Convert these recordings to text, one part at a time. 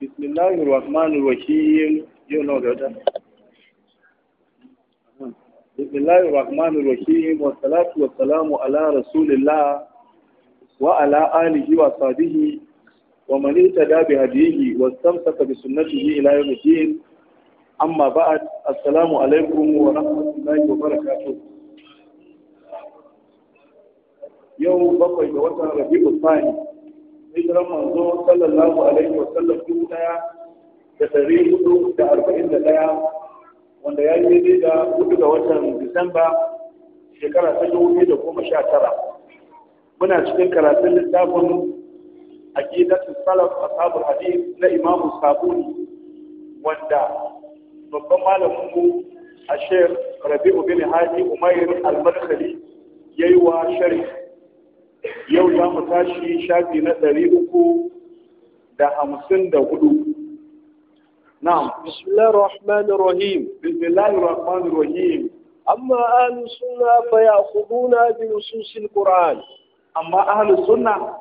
bismillahir rahmanir rahim yau rahim wa salatu ala rasulillah wa ala alihi wa wa man ihtada bi hadihi الدين amma ba'd assalamu alaikum wa rahmatullahi wa barakatuh yau bakwai ga watan hijiran manzo sallallahu alaihi wa sallam dubu daya da ɗari hudu da arba'in da ɗaya wanda ya yi ne da hudu ga watan disamba shekara ta dubu biyu da goma sha tara muna cikin karatun littafin aqidatu salaf ashabul hadith na imamu sabuni wanda babban malamin mu a shekh rabi'u bin hadi umair al-madkhali yayi wa sharhi yau za mu tashi shafi na ɗari uku da hamsin da hudu na'am bismillahir rahmanir rahim bismillahir rahmanir rahim amma ahlus sunna fa ya'khuduna bi nususil qur'an amma ahlus sunna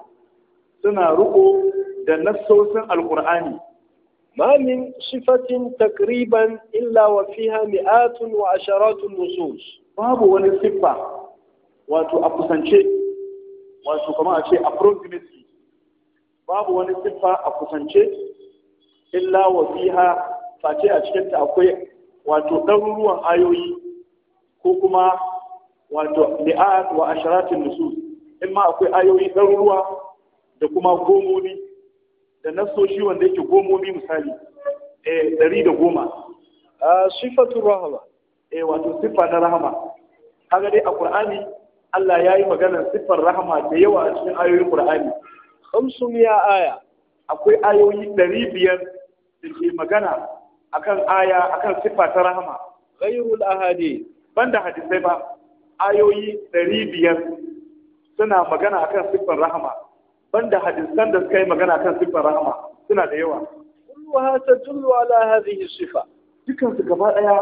suna riko da nassosin alqur'ani ما من صفة mi'atun wa asharatun مئات Babu wani siffa, wato a kusance wato kamar a ce approximately babu wani siffa a kusance illa wa fiha face a cikinta akwai wato ɗaruruwan ayoyi ko kuma wato li'at wa asharatin nusus in ma akwai ayoyi ɗaruruwa da kuma gomomi da nasoshi wanda yake gomomi misali eh ɗari da goma ah, sifatu rahama eh wato siffa na rahama kaga dai a qur'ani Allah ya yi maganar siffar rahama da yawa a cikin ayoyin Qur'ani khamsun ya aya akwai ayoyi ɗari biyar da ke magana akan aya akan siffa ta rahama ghayrul ahadi banda hadisai ba ayoyi ɗari biyar suna magana akan siffar rahama banda hadisan da suka yi magana akan siffar rahama suna da yawa kulluha tadullu ala hadhihi siffa. dukan su gaba ɗaya,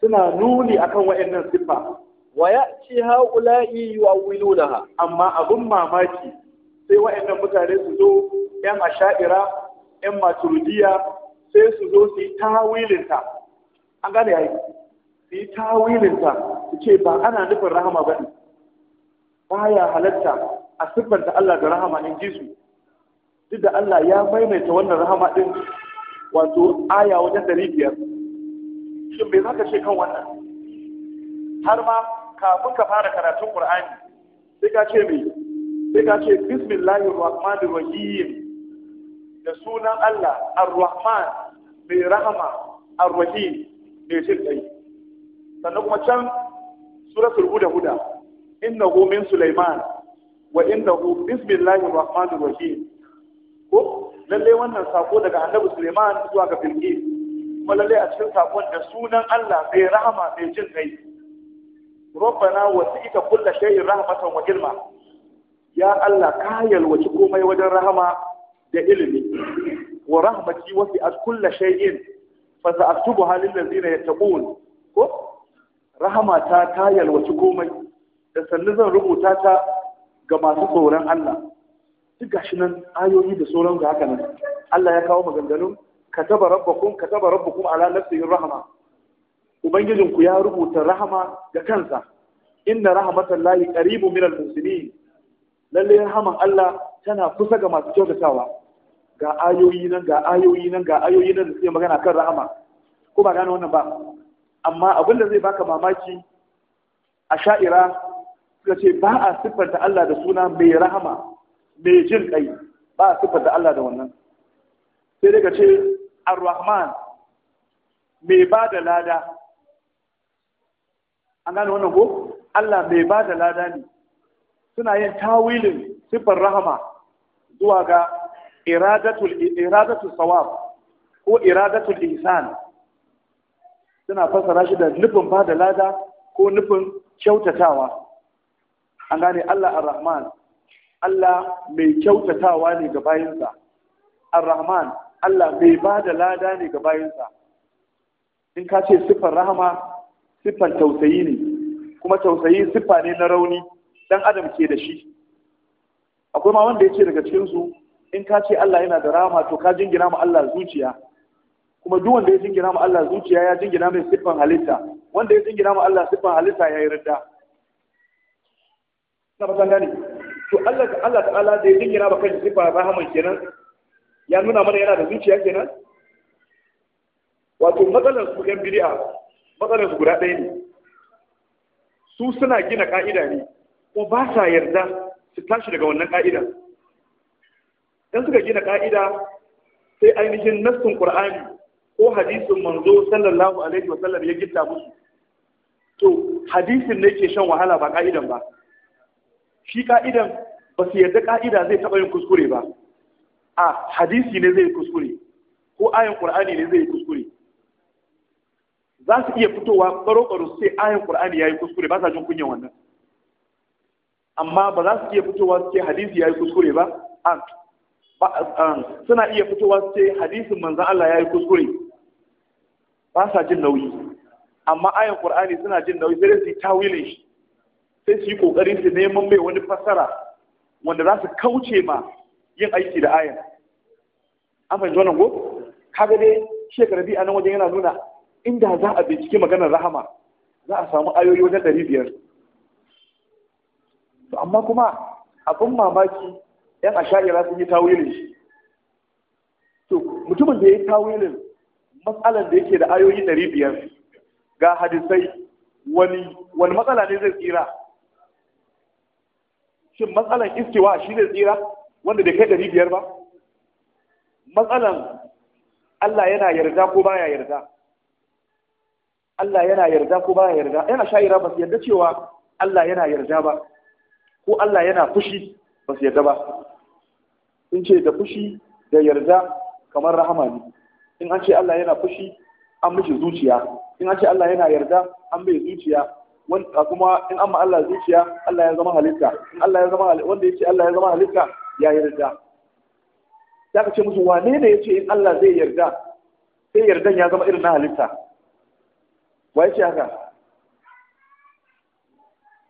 suna nuni akan wa'annan siffa wa ya'ti haula'i ha? amma abin mamaki sai wa'annan mutane su zo yan asha'ira yan maturidiya sai su zo su yi tawilinta an gane yayi su yi tawilinta su ce ba ana nufin rahama ba ne baya halatta a siffanta Allah da rahama in ji su duk da Allah ya maimaita wannan rahama din wato aya wajen dari biyar shin bai za ka ce kan wannan har ma kafin ka fara karatun Qur'ani sai ka ce me sai ka ce bismillahir rahmanir rahim da sunan Allah ar-rahman mai rahama ar-rahim mai jin dai sannan kuma can suratul huda huda innahu min sulaiman wa innahu bismillahir rahmanir rahim ko lalle wannan sako daga annabi Sulaiman zuwa ga Bilqis kuma lalle a cikin sakon da sunan Allah mai rahama mai jin kai rabbana wasi'ta kullu shay'in rahmatan wa ilma ya Allah ka yalwaci komai wajen rahama da ilimi wa rahmati wasi'at kullu shay'in fa sa'tubuha lil ladzina yattaqun ko rahama ta ta yalwaci komai da sannu zan rubuta ta ga masu tsoron Allah duk gashi nan ayoyi da sauran ga haka nan Allah ya kawo maganganun kataba rabbakum kataba rabbukum ala nafsihi rahma ubangijinku ya rubuta rahama ga kansa inna rahmatan lahi qaribu min al-muslimin lalle rahaman Allah tana kusa ga masu kyautatawa ga ayoyi nan ga ayoyi nan ga ayoyi nan da suke magana kan rahama ko ba gane wannan ba amma abin da zai baka mamaki a sha'ira suka ce ba a siffanta Allah da suna mai rahama mai jin kai ba a siffanta Allah da wannan sai daga ce ar-rahman mai ba da lada an gane wannan ko Allah mai ba da lada ne suna yin tawilin siffar rahama zuwa ga iradatul sawab ko iradatul ihsan suna fassara shi da nufin ba da lada ko nufin kyautatawa an gane Allah ar-Rahman Allah mai kyautatawa ne ga bayinsa ar-Rahman Allah mai ba da lada ne ga bayinsa in ka ce siffar rahama siffar tausayi ne kuma tausayi siffa ne na rauni dan adam ke da shi akwai ma wanda ya ce daga cikinsu in ka ce Allah yana da rama to ka jingina ma Allah zuciya kuma duk wanda ya jingina ma Allah zuciya ya jingina mai siffan halitta wanda ya jingina ma Allah siffan halitta ya yi ridda na ba gani to Allah ta Allah ta'ala da ya jingina ba kai siffan rahaman kenan ya nuna mana yana da zuciya kenan wato matsalar su yan bid'a matsalar su guda ɗaya ne su suna gina ka'ida ne ko ba sa yarda su tashi daga wannan ka'ida dan suka gina ka'ida sai ainihin nassin qur'ani ko hadisin manzo sallallahu alaihi wa sallam ya gitta musu to hadisin ne ke shan wahala ba ka'idan ba shi ka'idan ba su yarda ka'ida zai taɓa yin kuskure ba a hadisi ne zai kuskure ko ayin qur'ani ne zai yi kuskure za su iya fitowa baro-baro sai ce ayin qur'ani yayi kuskure ba sa jin kunyan wannan amma ba za su iya fitowa su ce hadisi yayi kuskure ba an suna iya fitowa su ce hadisin manzon Allah yayi kuskure ba sa jin nauyi amma ayin qur'ani suna jin nauyi sai su yi tawilin shi sai su yi kokarin su neman mai wani fassara wanda za su kauce ma yin aiki da ayan an fahimci wannan ko kaga dai shekara biyu a nan wajen yana nuna inda za a binciki maganar rahama za a samu ayoyi wajen ɗari biyar to amma kuma abin mamaki yan asha'ira sun yi tawilin shi to mutumin da ya yi tawilin matsalar da yake da ayoyi ɗari biyar ga hadisai wani wani matsala ne zai tsira shin matsalan iskewa shi ne tsira wanda bai kai ɗari biyar ba matsalar Allah yana yarda ko baya yarda Allah yana yarda ko ba yarda yana sha'ira ba su yarda cewa Allah yana yarda ba ko Allah yana fushi ba su yarda ba In ce da fushi da yarda kamar rahama ne in an ce Allah yana fushi an mishi zuciya in an ce Allah yana yarda an bai zuciya wanda kuma in an ma Allah zuciya Allah ya zama halitta in Allah ya zama halitta, wanda ya ce Allah ya zama halitta ya yarda ta ka ce musu wane ne ya ce in Allah zai yarda sai yardan ya zama irin na halitta waye ce haka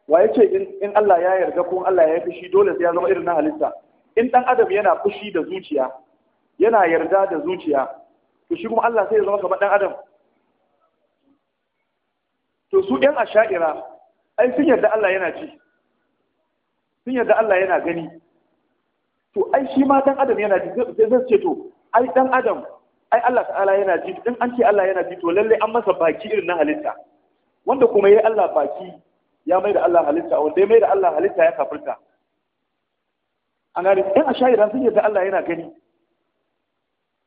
waye ce in Allah ya yarda ko Allah ya yi fushi dole sai ya zama irin na halitta in dan adam yana fushi da zuciya yana yarda da zuciya to shi kuma Allah sai ya zama kamar dan adam to su ɗan asha'ira ai sun yarda Allah yana ci sun yarda Allah yana gani to ai shi ma dan adam yana ji zai ce to ai dan adam ai Allah ta'ala yana ji in an ce Allah yana ji to lalle an masa baki irin na halitta wanda kuma yayi Allah baki ya mai da Allah halitta wanda ya mai da Allah halitta ya kafirta an gane in a shahira sun da Allah yana gani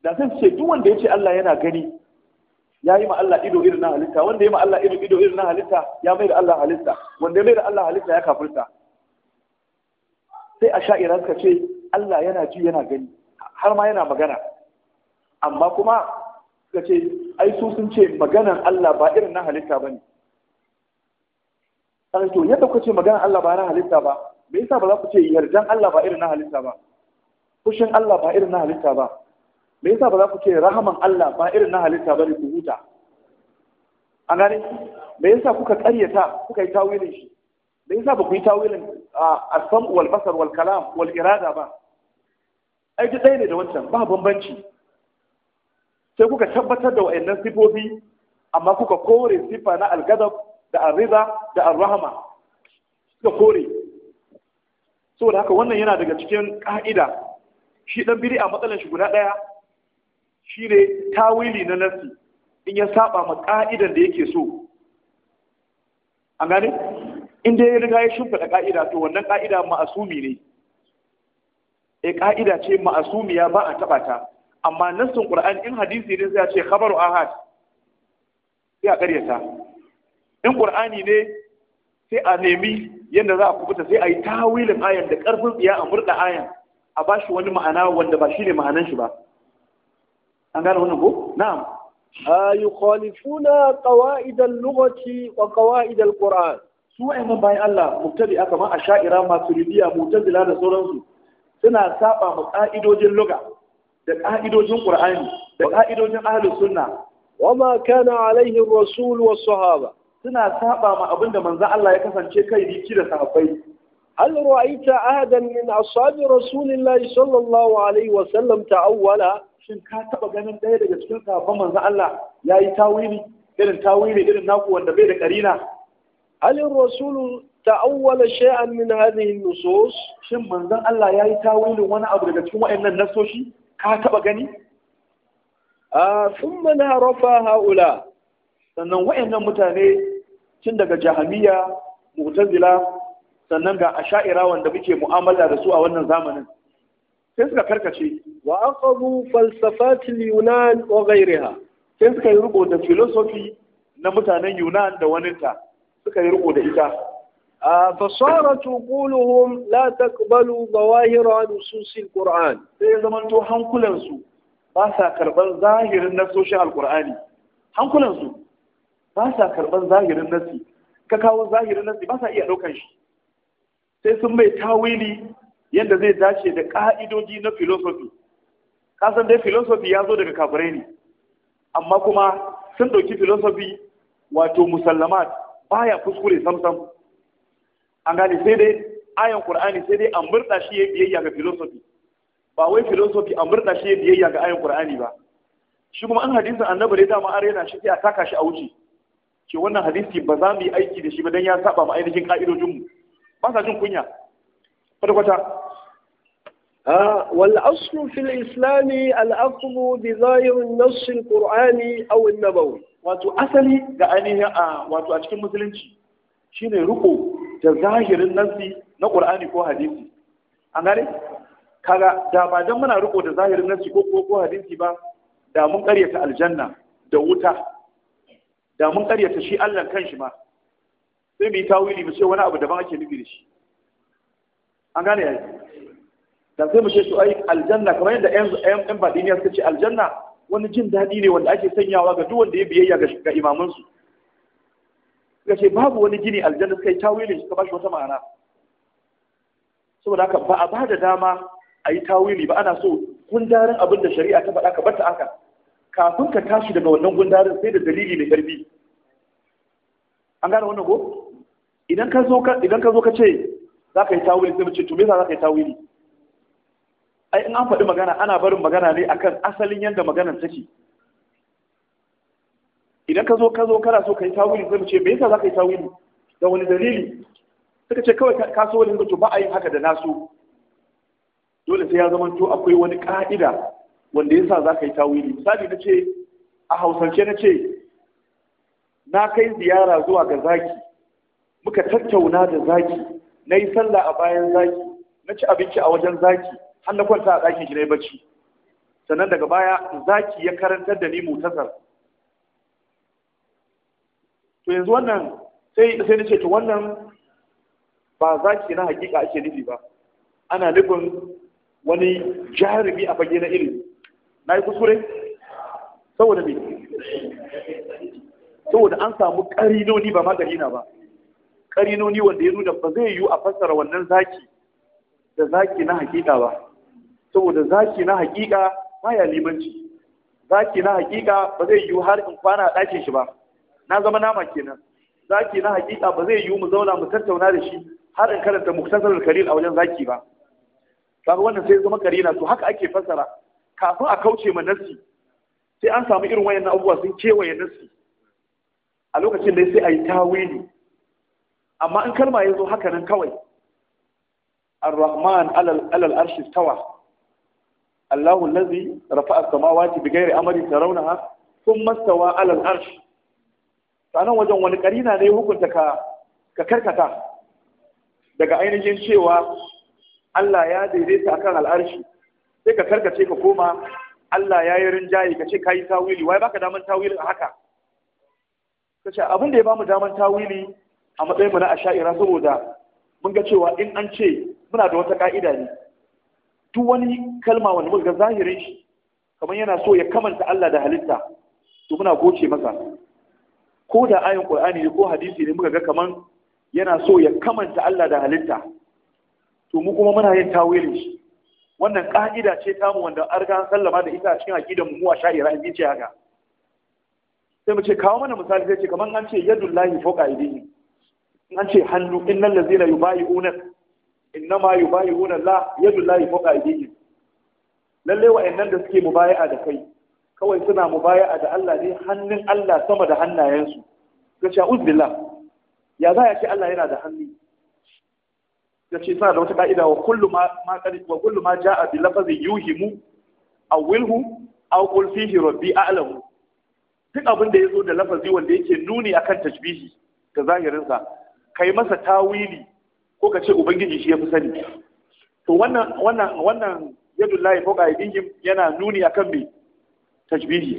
da sun ce duk wanda ya ce Allah yana gani ya yi ma Allah ido irin na halitta wanda ya ma Allah ido ido irin na halitta ya mai da Allah halitta wanda ya mai da Allah halitta ya kafirta sai a sha'ira suka ce Allah yana ji yana gani har ma yana magana amma kuma ka ce ai su sun ce maganan Allah ba irin na halitta ba ne. to yadda kuka ce maganan Allah ba na halitta ba me yasa ba za ku ce yardan Allah ba irin na halitta ba fushin Allah ba irin na halitta ba me yasa ba za ku ce rahaman Allah ba irin na halitta ba ne ku huta an gane me yasa kuka ƙaryata kuka yi tawilin shi me yasa ba ku yi tawilin a sam wal basar wal kalam wal irada ba ai duk ɗaya ne da wancan ba bambanci sai kuka tabbatar da wa'annan sifofi amma kuka kore sifa na algadab da arriza da arrahama suka kore saboda haka wannan yana daga cikin ka'ida shi dan a matsalan shi guda daya shine tawili na nasi in ya saba ma ka'idan da yake so an gane in dai ya riga ya shimfiɗa ka'ida to wannan ka'ida ma'asumi ne e ka'ida ce ma'asumiya ba a taba ta amma nassin Qur'an in hadisi ne sai a ce khabaru ahad sai a karyata in qur'ani ne sai a nemi yadda za a kubuta sai a yi tawilin ayan da karfin tsiya a murda ayan a ba shi wani ma'ana wanda ba shi ne ma'anan shi ba an gane wannan ko na'am yukhalifuna qawaid al-lughati wa qawaid al-qur'an su mun bayan Allah mubtadi aka ma asha'ira masuridiya mu'tazila da sauransu suna saba ma ka'idojin lugha da ƙa'idojin Qur'ani da ƙa'idojin Ahlus Sunna wama kana alaihi rasul wa sahaba suna saba ma abinda manzon Allah ya kasance kai riki da sahabbai hal ra'aita ahadan min ashabi rasulillah sallallahu alaihi wa sallam ta'awwala shin ka taba ganin daya daga cikin sahabban manzon Allah yayi tawili irin tawili irin naku wanda bai da karina hal rasul ta'awwala shay'an min hadhihi an-nusus shin manzon Allah yayi tawilin wani abu daga cikin wayannan nasoshi ka taba gani a sun mana rafa haula sannan wayannan mutane tun daga jahamiya mu'tazila sannan ga asha'ira wanda muke mu'amala da su a wannan zamanin sai suka karkace wa aqabu falsafati yunan wa ghayriha sai suka yi da filosofi na mutanen yunan da waninta suka yi da ita فصارت uquluhum لا taqbalu ظواهر نصوص alquran sai zaman to hankulan su ba sa karban zahirin nasoshin alqurani hankulan su ba sa karban zahirin nasi ka kawo zahirin nasi ba sa iya shi sai sun mai tawili yadda zai dace da ƙa'idoji na filosofi kasan dai filosofi ya zo daga kafirai ne amma kuma sun ɗauki filosofi, wato musallamat baya kuskure samsam an gane sai dai ayan qur'ani sai dai an murda shi yayi biyayya ga philosophy ba wai philosophy an murda shi yayi biyayya ga ayan qur'ani ba shi kuma an hadisin annabi ne dama an rena shi sai a taka shi a wuce ke wannan hadisi ba za mu yi aiki da shi ba dan ya saba ma ainihin ka'idojin mu ba sa jin kunya kwata kwata والأصل في الإسلام الأخذ بظاهر النص القرآني أو النبوي wato asali ga ainihin a wato a cikin musulunci shine riko da zahirin nasi na Qur'ani ko hadisi an gane kaga da ba dan muna riko da zahirin nasi ko ko ko hadisi ba da mun karyata aljanna da wuta da mun karyata shi Allah kanshi ma sai mu yi tawili mu ce wani abu daban ake nufi da shi an gane yayi da sai mu ce su ai aljanna kamar yadda ƴan ƴan badiniya suka ce aljanna wani jin daɗi ne wanda ake sanyawa ga duk wanda ya biyayya ga imamansu suka ce babu wani gini aljanna suka yi tawilin ka bashi wata ma'ana saboda haka ba a ba da dama a yi tawili ba ana so gundarin abin da shari'a ta faɗa ka bata aka. kafin ka tashi daga wannan gundarin sai da dalili mai ƙarfi an gane wannan ko idan ka zo ka idan ka zo ka ce za ka yi tawili sai mu ce to me yasa za ka yi tawili ai in an faɗi magana ana barin magana ne akan asalin yadda maganar take idan ka zo ka zo kana so ka yi tawili sai mu ce me yasa za ka yi tawili da wani dalili suka ce kawai ka so wani to ba a yin haka da nasu dole sai ya zama to akwai wani ka'ida wanda yasa za ka yi tawili misali na ce a hausance na ce na kai ziyara zuwa ga zaki muka tattauna da zaki na yi sallah a bayan zaki na ci abinci a wajen zaki har na kwanta a ɗakin shi na bacci sannan daga baya zaki ya karantar da ni mutasar to yanzu wannan sai sai nace to wannan ba zaki na hakika ake nufi ba ana nufin wani jarumi a fage na ilimi na yi kuskure saboda me saboda an samu karinoni ba magarina ba karinoni wanda ya nuna ba zai yiwu a fassara wannan zaki da zaki na hakika ba saboda zaki na hakika ba ya limanci zaki na hakika ba zai yiwu har in kwana a ɗakin shi ba na zama nama kenan zaki na hakika ba zai yiwu mu zauna mu tattauna da shi har in karanta muktasarul karil a wajen zaki ba kaga wannan sai zama karina to haka ake fassara kafin a kauce ma nassi sai an samu irin wayannan abubuwa sun kewaye nassi a lokacin da sai a yi tawili amma in kalma ya zo haka nan kawai ar-rahman alal arshi tawa Allahu allazi rafa'a as-samawati bighairi amali tarawnaha thumma stawa alal arshi sanan wajen wani karina ne hukunta ka karkata daga ainihin cewa Allah ya daidaita akan al'arshi sai ka karkace ka koma Allah ya yi rinjaye ka ce ka yi tawili wai baka daman tawilin a haka ka ce abin da ya bamu daman tawili a matsayin mu na asha'ira saboda mun ga cewa in an ce muna da wata ka'ida ne duk wani kalma wanda muka ga zahirin shi kamar yana so ya kamanta Allah da halitta to muna goce masa ko da ayin qur'ani ne ko hadisi ne muka ga kaman yana so ya kamanta Allah da halitta to mu kuma muna yin tawili wannan ka'ida ce tamu wanda an sallama da ita cikin aqidan mu a sha'ira in ce haka sai mu ce kawo mana misali sai ce kaman an ce yadullahi fawqa aydihi an ce hannu innal ladzina yubayi'una innama yubayi'una la yadullahi fawqa aydihi lalle wa'annan da suke mubayi'a da kai kawai suna mubaya'a da Allah ne hannun Allah sama da hannayensu ga sha'uz billah ya za ya ce Allah yana da hannu ya ce suna da wata ka'ida wa kullu ma wa kullu ma ja'a bi lafazin yuhimu aw wilhu aw qul fihi rabbi a'lamu duk abin da yazo da lafazi wanda yake nuni akan tashbihi ga zahirinsa kai masa tawili ko ka ce ubangiji shi ya fi sani to wannan wannan wannan yadullahi fawqa yana nuni akan me tajbihi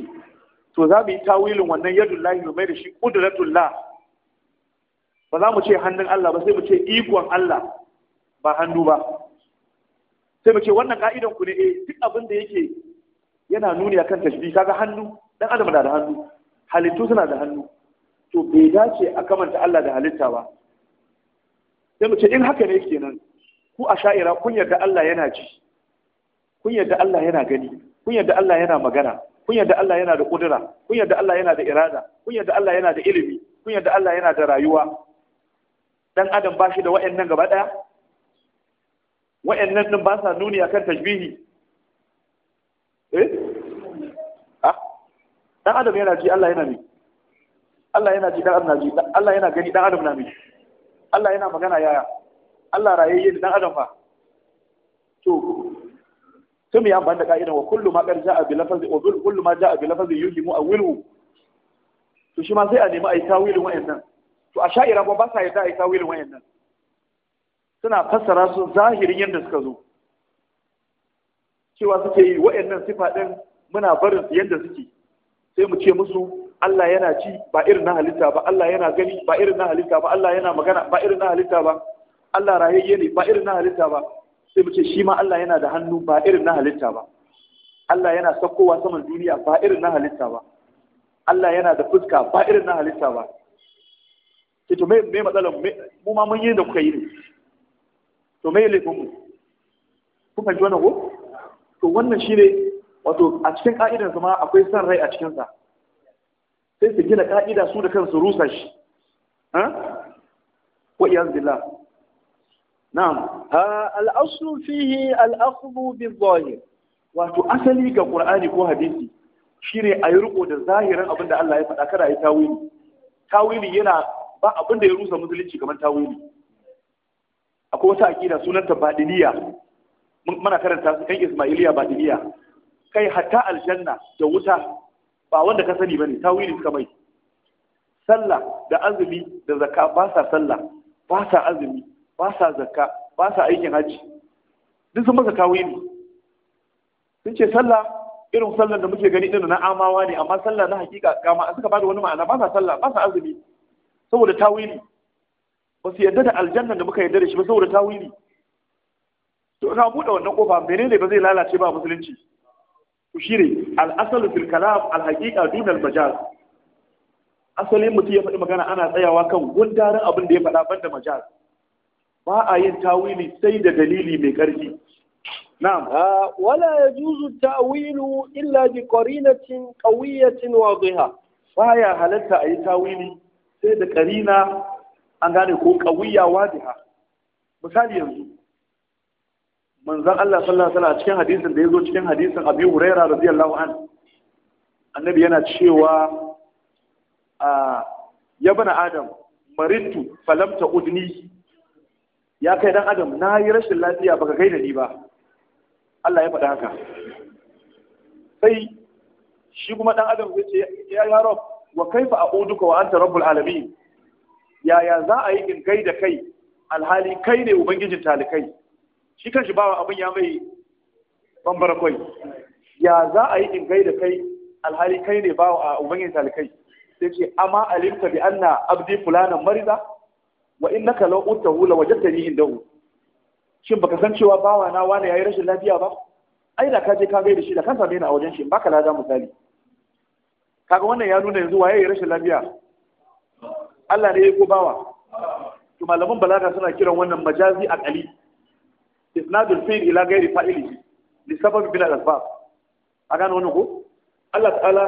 to za mu yi tawilin wannan yadun lahi mu mai da shi ƙudratun la ba za mu ce hannun Allah ba sai mu ce ikon Allah ba hannu ba sai mu ce wannan ka'idan ku ne eh duk abin da yake yana nuni akan tashbih kaga hannu dan adam da hannu halittu suna da hannu to bai dace a kamanta Allah da halitta ba sai mu ce in haka ne kenan ku a sha'ira kun yarda Allah yana ji kun yarda Allah yana gani kun yarda Allah yana magana kun yadda Allah yana da kudura kun yadda Allah yana da irada kun yadda Allah yana da ilimi kun yadda Allah yana da rayuwa dan adam ba shi da wa'annan gaba daya wa'annan din ba sa nuni akan tajbihi eh ah dan adam yana ji Allah yana mi Allah yana ji dan adam na ji Allah yana gani dan adam na mi Allah yana magana yaya Allah rayayye dan adam fa to sai mu yi amfani da ka'idan wa kullu ma qad ja'a bi lafazi wa kullu ma ja'a bi lafazi yuhimu awwilu to shi ma sai a nemi ai tawilin wayannan to a sha'ira ba ba sa yadda ai tawilin wayannan suna fassara su zahirin yadda suka zo cewa suke yi wayannan sifa din muna barin su yadda suke sai mu ce musu Allah yana ci ba irin na halitta ba Allah yana gani ba irin na halitta ba Allah yana magana ba irin na halitta ba Allah rahayye ne ba irin na halitta ba sai mu ce shi ma Allah yana da hannu ba irin na halitta ba Allah yana sakowa saman duniya ba irin na halitta ba Allah yana da fuska ba irin na halitta ba sai to me matsalar mu ma mun yi da kuka yi ne to me laifin mu ku ji wannan ko to wannan shi ne wato a cikin ka'idar ma akwai san rai a cikin sa sai su gina ka'ida su da kansu rusa shi ha wa iyyaz billah na'am al'aslu fihi al'akhdhu bi wato asali ga qur'ani ko hadisi shine a yi riko da zahirin abin da Allah ya faɗa kada a yi tawili tawili yana ba abin da ya rusa musulunci kamar tawili akwai wata akida sunanta badiliya mana karanta su kan ismailiya badiliya kai hatta aljanna da wuta ba wanda ka sani bane tawili suka mai sallah da azumi da zakka ba sa sallah ba sa azumi ba sa zakka ba sa aikin hajji duk sun masa tawili sun ce sallah irin sallar da muke gani ɗin na amawa ne amma sallah na hakika kama suka ba da wani ma'ana ba sa sallah ba sa azumi saboda tawili ba su yarda da aljannan da muka yarda da shi ba saboda tawili to ina buɗe wannan kofa menene ba zai lalace ba musulunci ku shire al-asalu fil kalam al-haqiqa dun al-majaz asalin mutum ya faɗi magana ana tsayawa kan gundarin abin da ya faɗa banda majaz ba a yin tawili sai da dalili mai ƙarfi na'am wala juzu ta'wilu illa bi qarinatin qawiyatin wadhiha ya halatta a yi tawili sai da ƙarina an gane ko wa wadhiha misali yanzu manzan Allah sallallahu alaihi wasallam cikin hadisin da zo cikin hadisin Abi huraira radiyallahu anhu annabi yana cewa a ah, yabna adam marittu falamta udni ya kai dan adam na yi rashin lafiya baka gaida ni ba Allah ya faɗa haka sai shi kuma dan adam zai ce ya ya rob wa kaifa a'uduka wa anta rabbul alamin yaya za a yi in gaida kai alhali kai ne ubangijin talikai shi shi bawa abin ya mai bambara kai ya za a yi in gaida kai alhali kai ne bawa ubangijin talikai sai ce amma alimta bi anna abdi Fulana marida wa hula law utahu la inda indahu shin baka san cewa bawa na wani yayi rashin lafiya ba ai da ka je ka gaida shi da kansa bai na a wajen shi baka lada misali kaga wannan ya nuna yanzu waye yayi rashin lafiya Allah ne ya bawa to malamin balaga suna kiran wannan majazi aqali isnadul fi'l ila ghairi fa'ili li sababi bil asbab a gane wani ko Allah ta'ala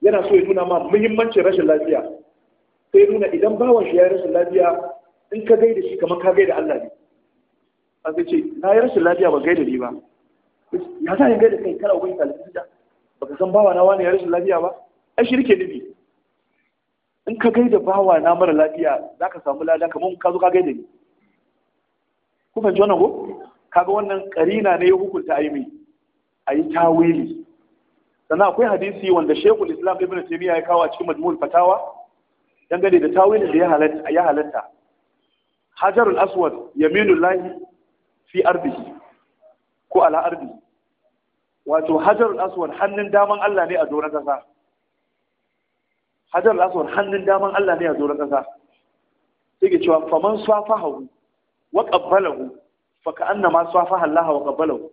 yana so ya nuna ma muhimmancin rashin lafiya sai nuna idan bawan shi ya rashin lafiya in ka gaida shi kamar ka gaida Allah ne a zai ce na yi rashin lafiya ba gaida ni ba ya sa yin gaida kai kana ubangiji talibin da ka san bawa na wani ya rashin lafiya ba ai shi rike nufi in ka gaida bawa na mara lafiya za ka samu lada kamar ka zo ka gaida ni ku fahimci wannan ko kaga wannan karina ne ya hukunta ai mai ai tawili sannan akwai hadisi wanda shekul islam ibn taymiya ya kawo a cikin majmul fatawa dangane da tawilin da ya halatta Hajar aswad yaminu lahi fi ardihi ko ala ardi wato hajar al’aswad hannun daman Allah ne a doron kasa hajar al’aswad hannun daman Allah ne a doron ƙasa sai ke cewa faman hau wa qabbalahu fa ka'annama swafaha Allah wa qabbalahu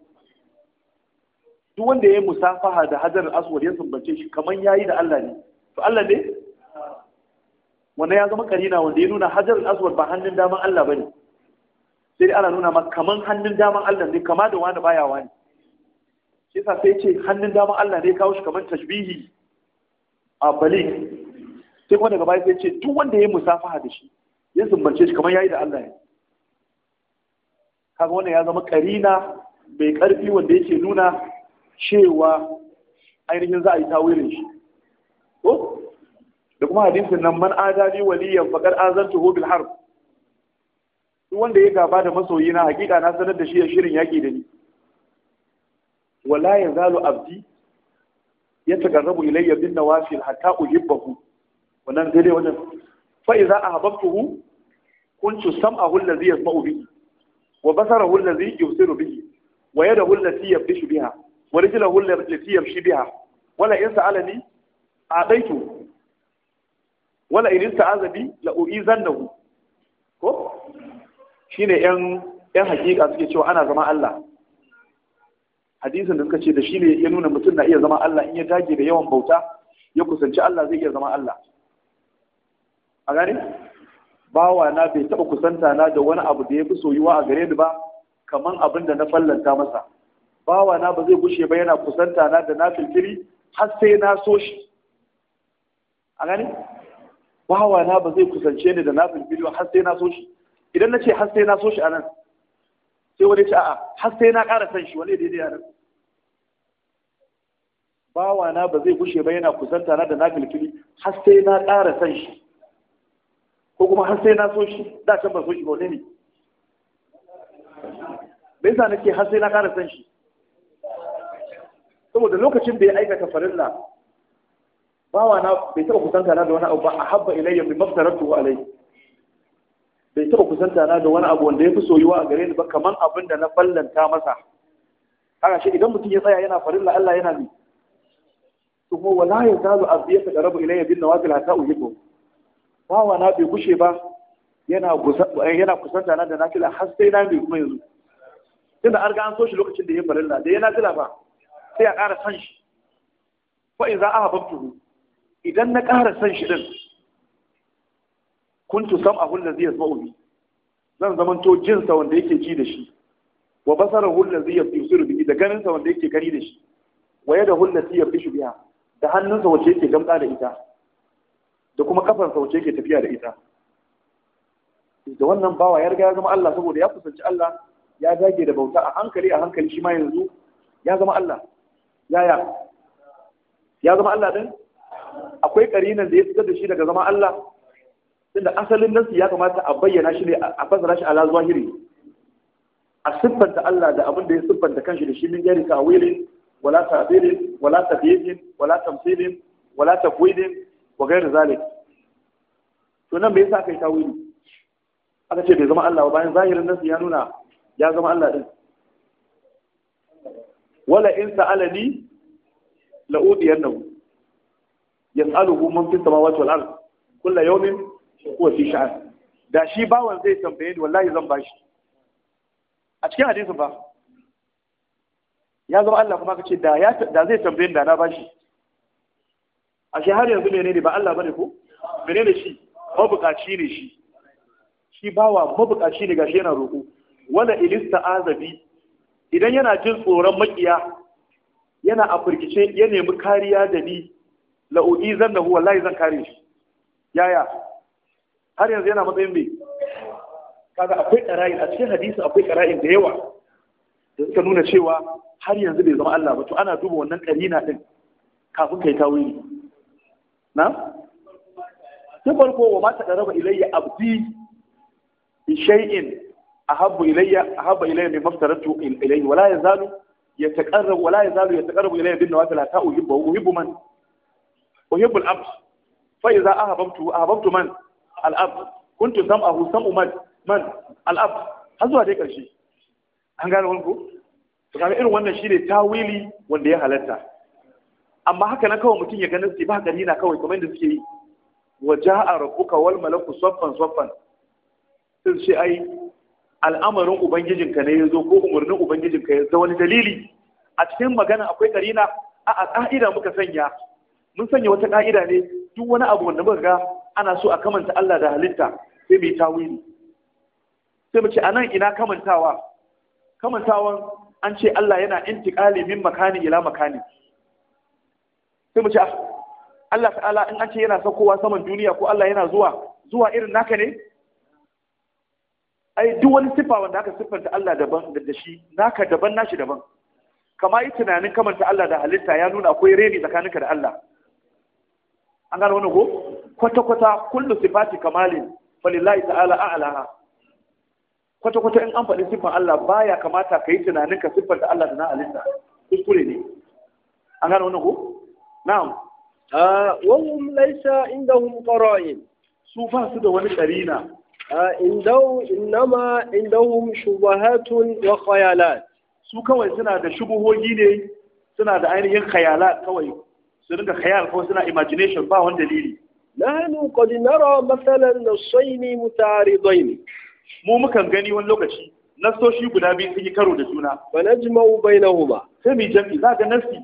duk wanda ya yi musafaha da hajar al’aswad ya sumbace shi kaman yi da Allah ne to Allah ne wannan ya zama karina wanda ya nuna hajar aswad ba hannun daman Allah ba ne. sai dai ana nuna ma kaman hannun daman Allah ne kama da wani baya wani shi yasa sai ce hannun daman Allah ne kawo shi kaman tashbihi a balik sai kuma daga baya sai ce duk wanda ya yi musafaha da shi ya zumbace shi kaman yayi da Allah ne kaga wannan ya zama karina mai karfi wanda yake nuna cewa ainihin za a yi tawilin shi ko da kuma hadisin nan man adali waliyan faqad hu bil harb duk wanda ya gaba da masoyi na hakika na sanar da shi ya shirin yaki da ni wala yazalu abdi Ya yatagarrabu ilayya bin nawafil hatta uhibbahu wannan dai wannan fa idza ahbabtuhu kuntu sam'ahu allazi yasma'u bihi wa basarahu allazi yusiru bihi wa yadahu allati yabtishu biha wa rijluhu allati yamshi biha wala in sa'alani a'taitu wala in azabi la uizannahu ko shine ne yan hakika suke cewa ana zama Allah hadisin da suka ce da shine ya nuna mutum na iya zama Allah in ya dage da yawan bauta ya kusanci Allah zai iya zama Allah a gani. bawa na bai taba kusanta na da wani abu da ya fi soyuwa a gare ni ba kaman abin da na fallanta masa bawa na ba zai gushe ba yana kusanta na da na filfili har sai na so shi a gani. bawa na ba zai kusance ni da nafin biliyo har sai na so shi idan na ce har sai na so shi anan sai wani ce a'a har sai na ƙara san shi wani daidai anan bawa na ba zai gushe ba yana kusanta na da nafil fili har sai na ƙara san shi ko kuma har sai na so shi da can ba so shi ba wani ne me yasa nake har sai na ƙara san shi saboda lokacin da ya aikata farilla bawa na bai taɓa kusanta na da wani abu ba a habba ilayya bi maftaratu alai bai taɓa kusanta na da wani abu wanda ya fi soyuwa a gare ni ba kaman abin da na ballanta masa haka shi idan mutum ya tsaya yana farilla Allah yana ni to kuma wala ya zalu abdi ya taqarrabu ilayya bin nawafil hatta uhibbu bawa na bai gushe ba yana eh, yana kusanta na da nafila har sai na bi kuma yanzu tunda an ga an so shi lokacin da ya farilla da ya nafila ba sai a ƙara san shi fa in za a habbtu idan na ƙara san shi ɗin kuntu hulɗar allazi yasma'u zan jin jinsa wanda yake ji da shi wa basarahu allazi yusiru bihi da ganinsa wanda yake gani da shi wa yadahu allati shi biya, da hannunsa wacce yake gamɗa da ita da kuma ƙafarsa wacce yake tafiya da ita da wannan bawa ya riga ya zama Allah saboda ya kusanci Allah ya dage da bauta a hankali a hankali shi ma yanzu ya zama Allah yaya ya zama Allah ɗin? akwai karinan da ya fitar da shi daga zama Allah tunda asalin nasu ya kamata a bayyana shi ne a fasara shi ala zahiri a siffanta Allah da abin da ya siffanta kanshi da shi min gari ta'wilin wala ta'dilin wala tabyinin wala tamthilin wala tafwidin wa ghairu zalik to nan me yasa kai tawili aka ce bai zama Allah ba bayan zahirin nasu ya nuna ya zama Allah din wala in sa'alani la'udiyannahu yas'aluhu man fis samawati wal ard yau yawmin huwa fi sha'an da shi bawan zai tambaye ni wallahi zan bashi a cikin hadisin ba ya zama Allah kuma kace da ya da zai tambaye ni da na bashi a shi har yanzu menene ba Allah bane ko menene shi mabukaci ne shi shi bawa mabukaci ne gashi yana roƙo wala ilista azabi idan yana jin tsoron makiya yana a firgice ya nemi kariya da ni la'u'i zan da wallahi zan kare shi yaya har yanzu yana matsayin bai kaga akwai ƙara'in a cikin hadisi akwai ƙara'in da yawa da suka nuna cewa har yanzu bai zama Allah ba to ana duba wannan ƙarina din kafin kai tawili na ta farko wa mata qaraba ilayya abdi bi shay'in ahabbu ilayya ahabba ilayya mimma maftaratu ilayhi wala yazalu yataqarrabu wala yazalu yataqarrabu ilayya bin nawafil ta'u uhibbu uhibbu man uhibbul ab fa idza ahabbtu man al ab kuntu sam'ahu sam'u man man al ab zuwa dai karshe an gane wannan irin wannan shine tawili wanda ya halatta amma haka na kawai mutum ya ga nasi ba gari na kawai kamar yadda suke yi wa rabbuka wal malaku saffan saffan sun ce ai al'amarin ka ne ya zo ko umarnin ubangijinka ya zo wani dalili a cikin magana akwai karina a a ka'ida muka sanya mun sanya wata ka'ida ne duk wani abu wanda muka ga ana so a kamanta Allah da halitta sai mu yi tawili sai mace a anan ina kamantawa kamantawan an ce Allah yana intiqali min makani ila makani sai mace ah, Allah ta'ala in an ce yana saukowa saman duniya ko Allah yana zuwa zuwa irin naka ne ai duk wani sifa wanda aka siffanta Allah daban da shi naka daban nashi daban kama yi tunanin kamanta Allah da halitta ya nuna akwai reni tsakaninka da Allah an gano wani ko kwata kwata kullu sifati kamalin falillahi ta'ala a'laha kwata kwata in an faɗi siffar Allah baya kamata ka yi tunanin ka siffar da Allah da na halitta kuskure ne an gano wani ko na'am ah, wahum laisa indahum qara'in su ba su da wani karina ah, indahum innama indahum shubahatun wa khayalat su kawai suna da shubuhogi ne suna da ainihin khayalat kawai su rinka khayal ko suna imagination ba wani dalili nahnu qad nara mathalan nasayni mutaridain mu mukan gani wani lokaci nasoshi guda biyu sun yi karo da juna wa najmu bainahuma sai mu jami za ga nasi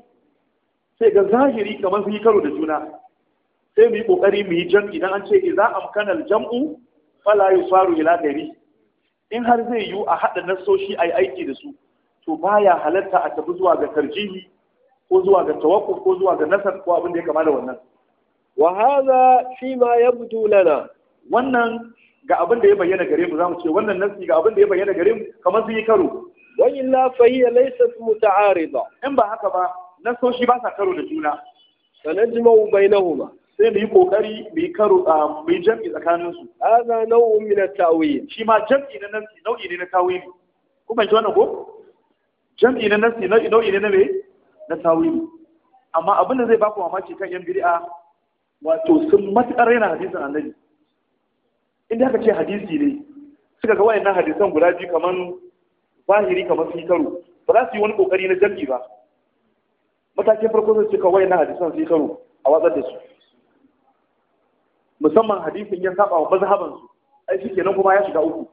sai ga zahiri kamar sun yi karo da juna sai mu yi kokari mu yi jami idan an ce idza amkana al-jam'u fala yusaru ila gari in har zai yiwu a haɗa nasoshi a yi aiki da su to baya halatta a tafi zuwa ga tarjihi ko zuwa ga tawakku ko zuwa ga nasar ko abin da ya kama da wannan wa hadha fi ma yabdu lana wannan ga abin da ya bayyana gare mu zamu ce wannan nasi ga abin da ya bayyana gare mu kamar sun yi karo wa illa fa hiya laysat muta'arida in ba haka ba nasoshi ba sa karo da juna sanajmu bainahuma sai mu yi kokari mu yi karo a ah, mu yi jam'i tsakanin su hadha naw'un min at-ta'wil shi ma jam'i na nasi nau'i ne na tawil kuma ji wannan ko jam'i na nasi nau'i ne na me na tawili amma abin da zai baku mamaki kan yan bid'a wato sun matukar yana hadisin annabi inda aka ce hadisi ne suka ga wayannan hadisan guda biyu kaman zahiri kaman sun karo ba za su yi wani kokari na jam'i ba matakin farko sun cika wayannan hadisan sun karo a watsar da su musamman hadisin ya saba wa mazhaban su ai shi kenan kuma ya shiga uku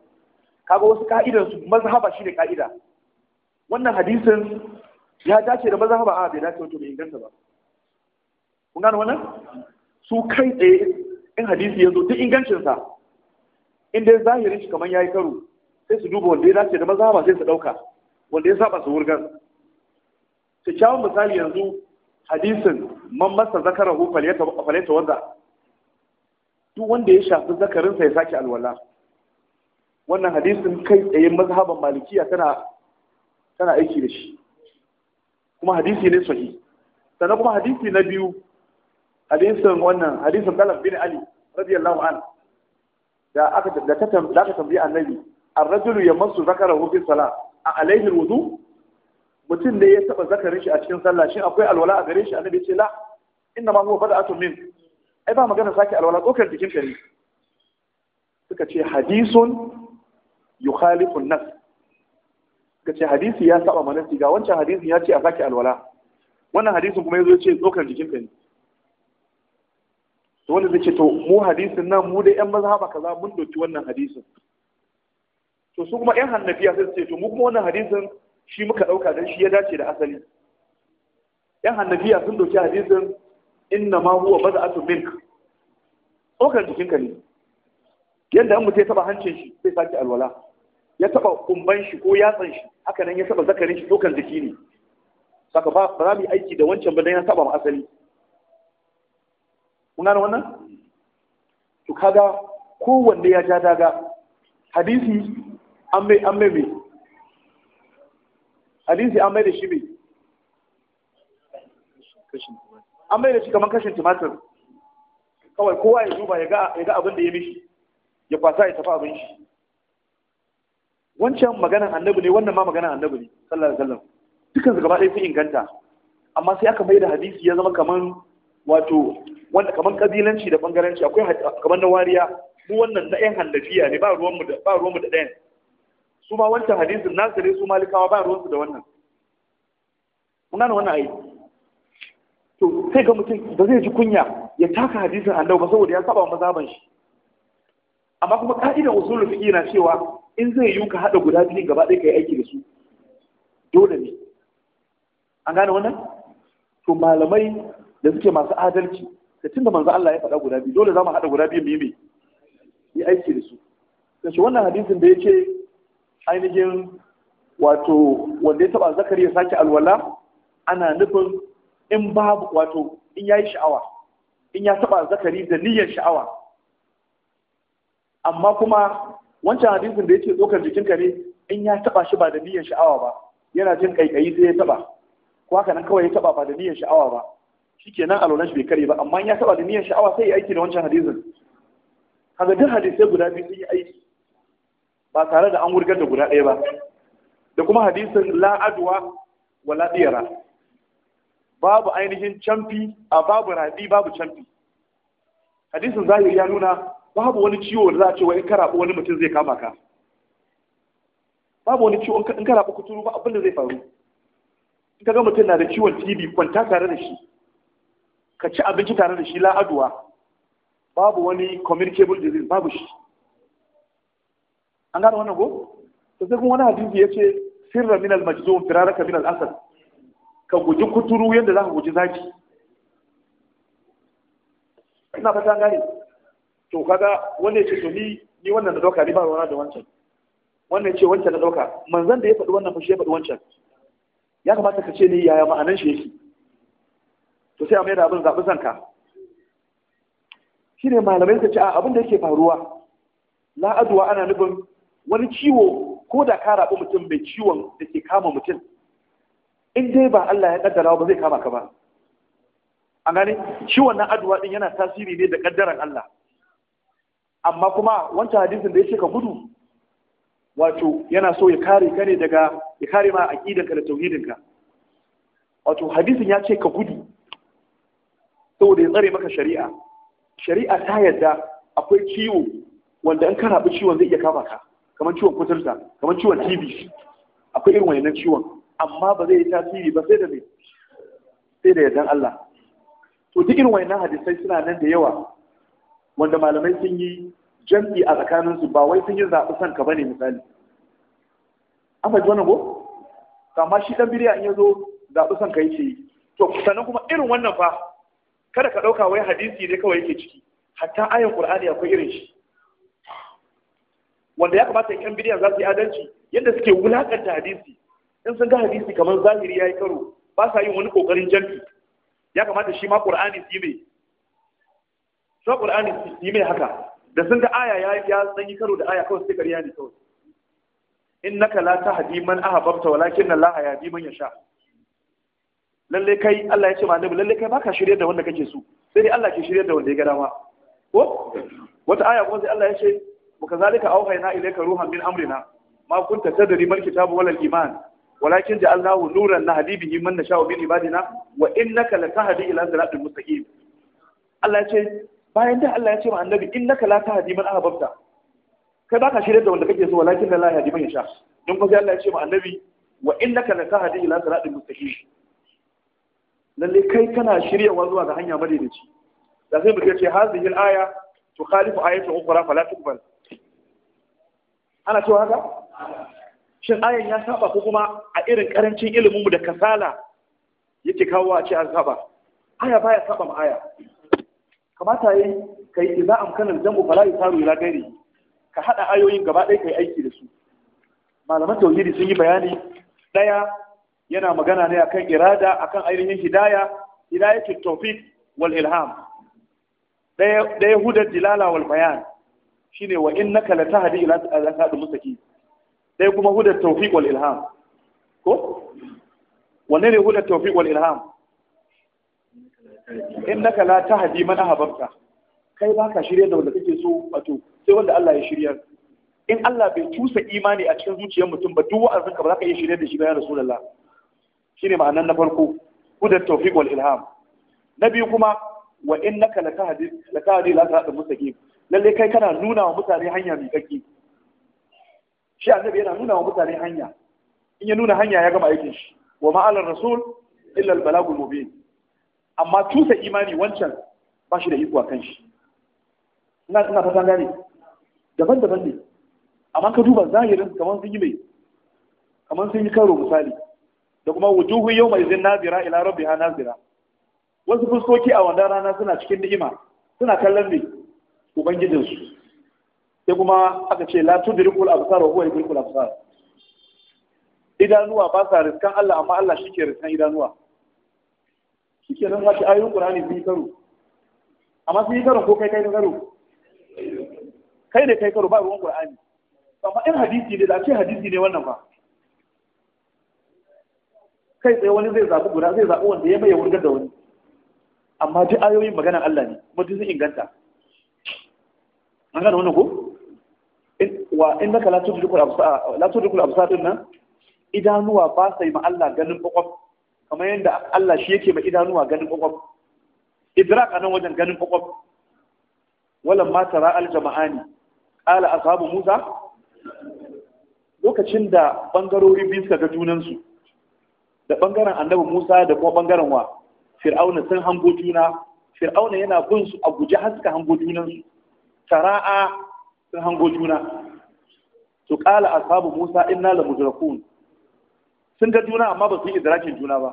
kaga wasu ka'idan su mazhaba shine ka'ida wannan hadisin ya dace da mazhaba a bai dace wato bai inganta ba kun gano wannan su kai tsaye in hadisi ya zo duk ingancinsa in dai zahirin shi kamar ya yi karo sai su duba wanda ya dace da mazhaba sai su ɗauka wanda ya saba su wurgar kyakkyawan misali yanzu hadisin man masa zakara hu falaita wanda duk wanda ya shafi zakarinsa ya sake alwala wannan hadisin kai tsaye mazhaban malikiya tana tana aiki da shi kuma hadisi ne sahi sannan kuma hadisi na biyu hadisin wannan hadisin kalam bin Ali radiyallahu an da aka da ta da aka tambayi annabi ar-rajulu yamassu zakarahu fi salat a alaihi wudu mutum ne ya taba zakarin shi a cikin sallah shin akwai alwala a gare shi annabi ce la inna ma huwa bada'atu min ai ba magana sake alwala tsokar jikin ka ne suka ce hadisun yukhalifu nas ka ce hadisi ya saba mana ga wancan hadisin ya ce a sake alwala wannan hadisin kuma yazo ce tsokar jikin ka ne to wanda zai ce to mu hadisin nan mu dai yan mazhaba kaza mun doki wannan hadisin to su kuma yan hannabiya sai su ce to mu kuma wannan hadisin shi muka dauka dan shi ya dace da asali yan hannabiya sun doki hadisin inna ma huwa bad'atu mink tsokar jikin ka ne yadda an mutai taba hancin shi sai sake alwala ya taba kumban shi ko yatsan shi haka nan ya taba zakarin shi dukan jiki ne saka ba ba za mu aiki da wancan ba dan ya taba mu asali kuna gane wannan to kaga ko wanda ya ja daga hadisi an mai an mai hadisi an mai da shi mai an mai da shi kamar kashin tumatir kawai kowa ya duba ya ga abin da ya mishi ya kwasa ya tafi abin shi wancan maganan annabi ne wannan ma maganan annabi ne sallallahu alaihi wasallam dukkan su gaba ɗaya sun inganta amma sai aka mai da hadisi ya zama kaman wato wanda kaman kabilanci da bangaranci akwai kaman na wariya mu wannan na ƴan hannafiya ne ba ruwanmu da ba ruwanmu da ɗayan su ma wancan hadisin nasu ne su malikawa ba ruwansu da wannan mun gane wannan ai to sai ga mutum da zai ji kunya ya taka hadisin annabi ba saboda ya saba mazhaban shi amma kuma ka'idar usulul fiqh na cewa in zai yi ka hada guda biyu gaba ɗaya kai aiki da su dole ne an gane wannan to malamai da suke masu adalci da tunda manzo Allah ya faɗa guda biyu dole za mu hada guda biyu mu yi yi aiki da su sai wannan hadisin da yake ainihin wato wanda ya taba zakari ya sake alwala ana nufin in babu wato in yayi sha'awa in ya taba zakari da niyyar sha'awa amma kuma wancan hadisin da yake tsokar jikinka ne in ya taba shi ba da niyyar sha'awa ba yana jin kaikayi sai ya taba ko haka nan kawai ya taba ba da niyyar sha'awa ba shikenan alolan shi bai kare ba amma in ya taba da niyyar sha'awa sai ya aiki da wancan hadisin kaga duk hadisai guda biyu sun yi aiki ba tare da an wurgar da guda ɗaya ba da kuma hadisin la'aduwa wa diyara babu ainihin canfi a babu radi babu canfi. hadisin zahiri ya nuna babu wani ciwo da za a ce wai in ka rabu wani mutum zai kama ka babu wani ciwo in ka rabu kuturu ba abin da zai faru in ka ga mutum na da ciwon TB kwanta tare da shi ka ci abinci tare da shi la'aduwa babu wani communicable disease babu shi an gane wannan ko to sai kuma wani hadisi yace sirra min al-majzum firaraka min al-asad ka guji kuturu yadda za ka guji zaki ina fata gane to kaga wanda ya ce to ni ni wannan na dauka ni ba ruwana da wancan wannan ce wancan na dauka manzon da ya faɗi wannan fashi ya faɗi wancan ya kamata ka ce ni yaya ma'anan shi yake to sai a mai da abin zaɓi zanka Shi ne malamai ka ce a abin da yake faruwa la'aduwa ana nufin wani ciwo ko da ka raɓi mutum mai ciwon da ke kama mutum in dai ba Allah ya kaddara ba zai kama ka ba a ganin, ciwon na aduwa din yana tasiri ne da kaddaran Allah amma kuma wancan hadisin da ya ce ka gudu wato yana so ya kare ka ne daga ya kare ma aqidanka da tauhidinka wato hadisin ya ce ka gudu saboda ya tsare maka shari'a shari'a ta yadda akwai ciwo wanda in ka rabu ciwon zai iya kama ka kamar ciwon kuturta kamar ciwon tb akwai irin wayannan ciwon amma ba zai yi tasiri ba sai da me sai da yardan Allah to duk irin wayannan hadisai suna nan da yawa wanda malamai sun yi jam'i a tsakaninsu ba wai sun yi zaɓi san ka bane misali an fahimci wannan ko amma shi dan bidiya in ya zo zaɓi san ka yi to sannan kuma irin wannan fa kada ka ɗauka wai hadisi ne kawai yake ciki hatta ayan ƙur'ani akwai irin shi wanda ya kamata yan bidiya za su yi adalci yadda suke wulakanta hadisi in sun ga hadisi kamar zahiri ya yi karo ba sa yin wani ƙoƙarin jam'i ya kamata shi ma ƙur'ani su yi mai to qur'ani yi mai haka da sun ga aya ya tsanyi karo da aya kawai sai kariya ne kawai innaka la tahdi man ahbabta walakin Allah yahdi man yasha lalle kai Allah ya ce ma annabi lalle kai baka shirye da wanda kake so sai dai Allah ke shirye da wanda ya ga dama ko wata aya kuma sai Allah ya ce wa kazalika auhayna ilayka ruhan min amrina ma kunta tadri mal kitabu wal iman walakin ja'alnahu nuran nahdi bihi man nasha'u min ibadina wa innaka la tahdi ila siratil mustaqim Allah ya ce bayan da Allah ya ce ma annabi naka la tahdi man ahbabta kai baka shirye da wanda kake so walakin la yahdi man yasha don kuma sai Allah ya ce ma annabi wa innaka la tahdi ila siratin mustaqim lalle kai kana shiryawa zuwa ga hanya madaidaici da sai mutum ce hadhihi al-aya tukhalifu ayatu ukhra fala tuqbal ana cewa haka shin ayan ya saba ko kuma a irin karancin ilimin mu da kasala yake kawo a ce an saba aya baya saba ma aya kamata yi kai idza amkana bala yi taru ila gari ka haɗa ayoyin gaba ɗaya ka yi aiki da su malaman tauhidi sun yi bayani ɗaya yana magana ne akan irada akan ainihin hidaya ke tofik wal ilham ɗaya hudar dilala wal bayan shine wa in latahdi ila siratal mustaqim ɗaya kuma hudar tawfiq wal ilham ko hudar tawfiq wal ilham In naka la ta tahdi man Hababta, kai ba ka shirya da wanda kake so wato sai wanda Allah ya shirya in Allah bai cusa imani a cikin zuciyar mutum ba duk wa'azin ka ba za ka iya shirya da shi ba ya rasulullah shine ma'anar na farko hudat tawfiq wal ilham na biyu kuma wa innaka la tahdi la tahdi la tahdi mustaqim lalle kai kana nuna wa mutane hanya mai kake shi annabi yana nuna wa mutane hanya in ya nuna hanya ya gama aikin shi wa ma'alar rasul illa al balagul mubin amma tusa imani wancan ba shi da iko a kan shi ina fata gane daban-daban ne amma ka duba zahirin kamar sun yi mai kamar sun yi karo misali da kuma wujuhu yau mai zin nazira ila rabbi ha nazira wasu fuskoki a wanda rana suna cikin ni'ima suna kallon mai ubangijinsu sai kuma aka ce la tudrikul absar wa huwa yudrikul absar idanuwa ba sa riskan Allah amma Allah shi ke riskan idanuwa shike nan zaki ayoyin qur'ani sun yi karo amma sun yi karo ko kai kai karo kai ne kai karo ba ruwan qur'ani amma in hadisi ne da ce hadisi ne wannan ba kai tsaye wani zai zaɓi guda zai zaɓi wanda ya mai wurgar da wani amma duk ayoyin maganar Allah ne kuma duk sun inganta an gane wannan ko wa in naka la tudrikul absar la tudrikul absar din idanuwa ba sai ma Allah ganin bakwam kamar yadda Allah shi yake mai idanuwa ganin kwakwab idrak a nan wajen ganin kwakwab walan ma tara aljama'ani qala ashabu musa lokacin da bangarori biyu suka ga junansu da bangaren annabi musa da kuma bangaren wa fir'auna sun hango juna fir'auna yana bin su a guje har suka hango junansu tara'a sun hango juna to qala ashabu musa inna la mudrakun sun ga juna amma ba su yi idrakin juna ba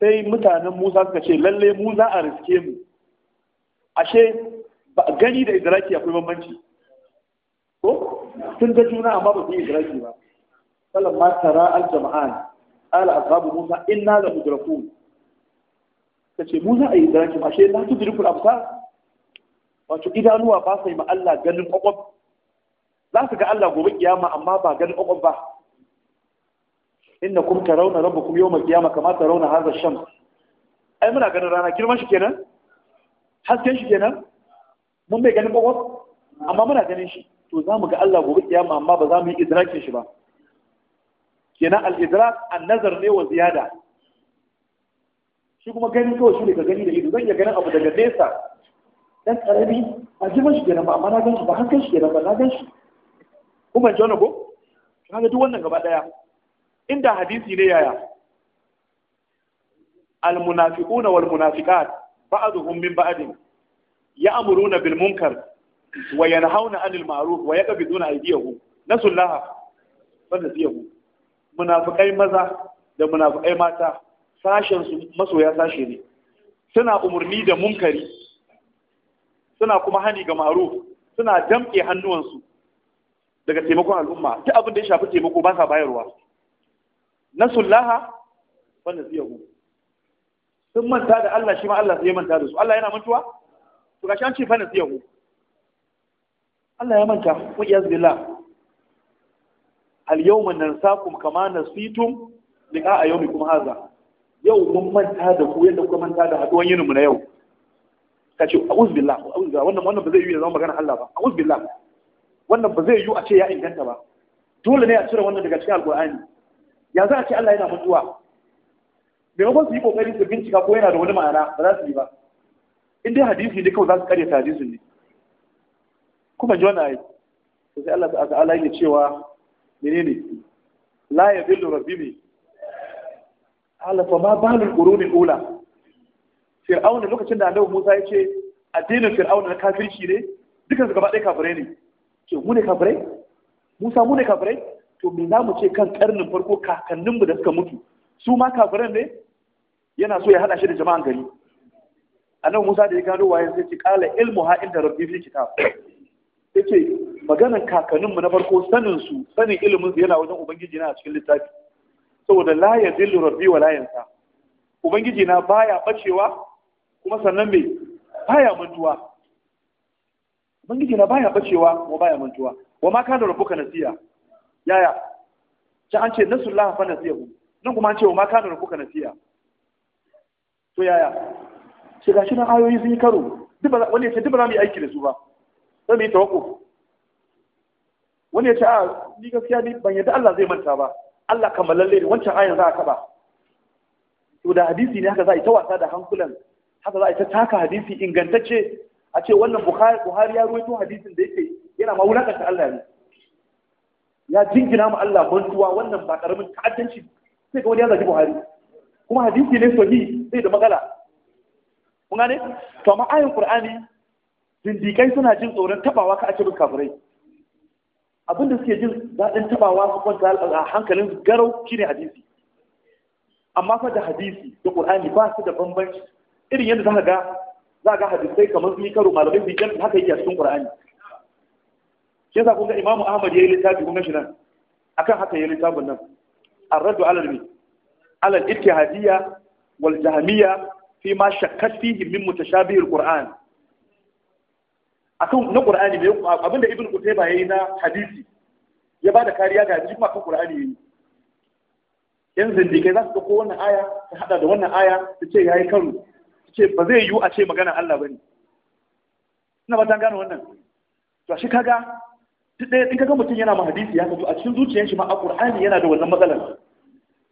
sai mutanen Musa suka ce lalle mu za a riske mu ashe ba gani da idraki akwai bambanci ko sun ga juna amma ba su yi idraki ba falan ma tara aljama'an jama'an ala ashabu Musa inna la mudrakun kace mu za a yi idraki ashe su tudrikul absar wato idanuwa ba sai ma Allah ganin kwakwab za su ga Allah gobe kiyama amma ba ganin kwakwab ba innakum tarawna rabbakum yawmal qiyamah kama tarawna hadha ash-shams ai muna ganin rana girman shi kenan hasken shi kenan mun bai ganin bakwas amma muna ganin shi to za mu ga Allah gobe kiyama amma ba za mu yi idrakin shi ba kenan al-idrak an-nazar ne wa ziyada shi kuma ganin kawai shi ne ka gani da ido zan iya ganin abu daga nesa dan karami a jiman shi kenan ba amma na gan shi ba hasken shi kenan ba na gan shi kuma jona ko kaga duk wannan gaba daya inda hadisi ne yaya المنافقون ya'muruna bil munkar wa yanhauna 'anil ma'ruf wa yaqbiduna ويقبضون nasullaha نسوا su yahu munafiqai maza da munafiqai mata sashen su masoya sashe ne suna umarni da munkari suna kuma hani ga maruf suna damƙe hannuwansu daga taimakon al'umma duk abin da ya shafi taimako ba sa bayarwa wanda su yahu sun manta da Allah shi ma Allah sai ya manta da su Allah yana mantuwa to gashi an ce fa yahu Allah ya manta wa iya billah al yawma nansakum kama nasitum liqa yawmikum hadha yau mun manta da ku yadda kuka manta da haduwan yinin mu na yau ka ce a'udhu billah a'udhu wannan wannan ba zai yi zama magana Allah ba a'udhu billah wannan ba zai yi a ce ya inganta ba dole ne a cire wannan daga cikin alqur'ani ya za a ce Allah yana mutuwa maimakon su yi kokari su bincika ko yana da wani ma'ana ba za su yi ba in dai hadisi ne kawai za su ta hadisi ne kuma ji wani ayi to sai Allah ta'ala yake cewa menene la ya yadillu rabbi Allah fa ma balul quruni ula fir'auna lokacin da annabi Musa ya ce addinin fir'auna na kafirci ne dukan su gaba ɗaya kafirai ne ce mu ne kafirai Musa mu ne kafirai to me za mu ce kan karnin farko kakanninmu da suka mutu su ma kafiran ne yana so ya hada shi da jama'an gari annabi Musa da ya gano waye sai ce qala ilmu ha inda rabbi fi kitab yace maganan kakanninmu na farko sanin su sanin ilimin su yana wajen ubangiji na a cikin littafi saboda la yadillu rabbi wa la yansa ubangiji na baya bacewa kuma sannan me baya mantuwa ubangiji na baya bacewa kuma baya mantuwa wa ma kana rabbuka nasiya yaya ta an ce nasullah fa nasiyahu nan kuma an ce wa ma kana na siya. to yaya sai shi nan ayoyi sun yi karo wani ya ce duk ba za mu yi aiki da su ba sai mu yi tawakkuf wani ya ce a ni gaskiya ni ban yadda Allah zai manta ba Allah kammalalle ne wancan ayan za a kaba to da hadisi ne haka za a yi ta wasa da hankulan haka za a yi ta taka hadisi ingantacce a ce wannan Buhari ya ruwaito hadisin da yake yana ma wulakanta Allah ne ya jingina mu Allah bantuwa wannan ba karamin ta'addanci sai ga wani ya zaki Buhari kuma hadisi ne sahihi sai da magana kun gane to amma ayin Qur'ani zindikai suna jin tsoron tabawa ka a cikin kafirai abinda suke jin daɗin tabawa su kwanta a hankalin garau shine hadisi amma fa da hadisi da Qur'ani ba su da bambanci irin yadda za ga za ga hadisai kamar su ni karo malamai su haka yake a cikin Qur'ani shi yasa kun ga Imam Ahmad yi littafi kun ga shi nan akan haka yi littafin nan ar-raddu ala al-mi ala ittihadiyya wal jahmiyya fi ma shakkat fihi min mutashabih al-Qur'an akan na Qur'ani ne abinda Ibn Qutayba yayi na hadisi ya bada kariya ga hadisi kuma kan Qur'ani yayi yan zindikai za su ɗauko wannan aya ta haɗa da wannan aya su ce ya yi karo su ce ba zai yiwu a ce magana Allah ba ne ina ba gane wannan to shi kaga duk ɗaya in kaga mutum yana ma ya to a cikin zuciyar shi ma a Qur'ani yana da wannan matsalar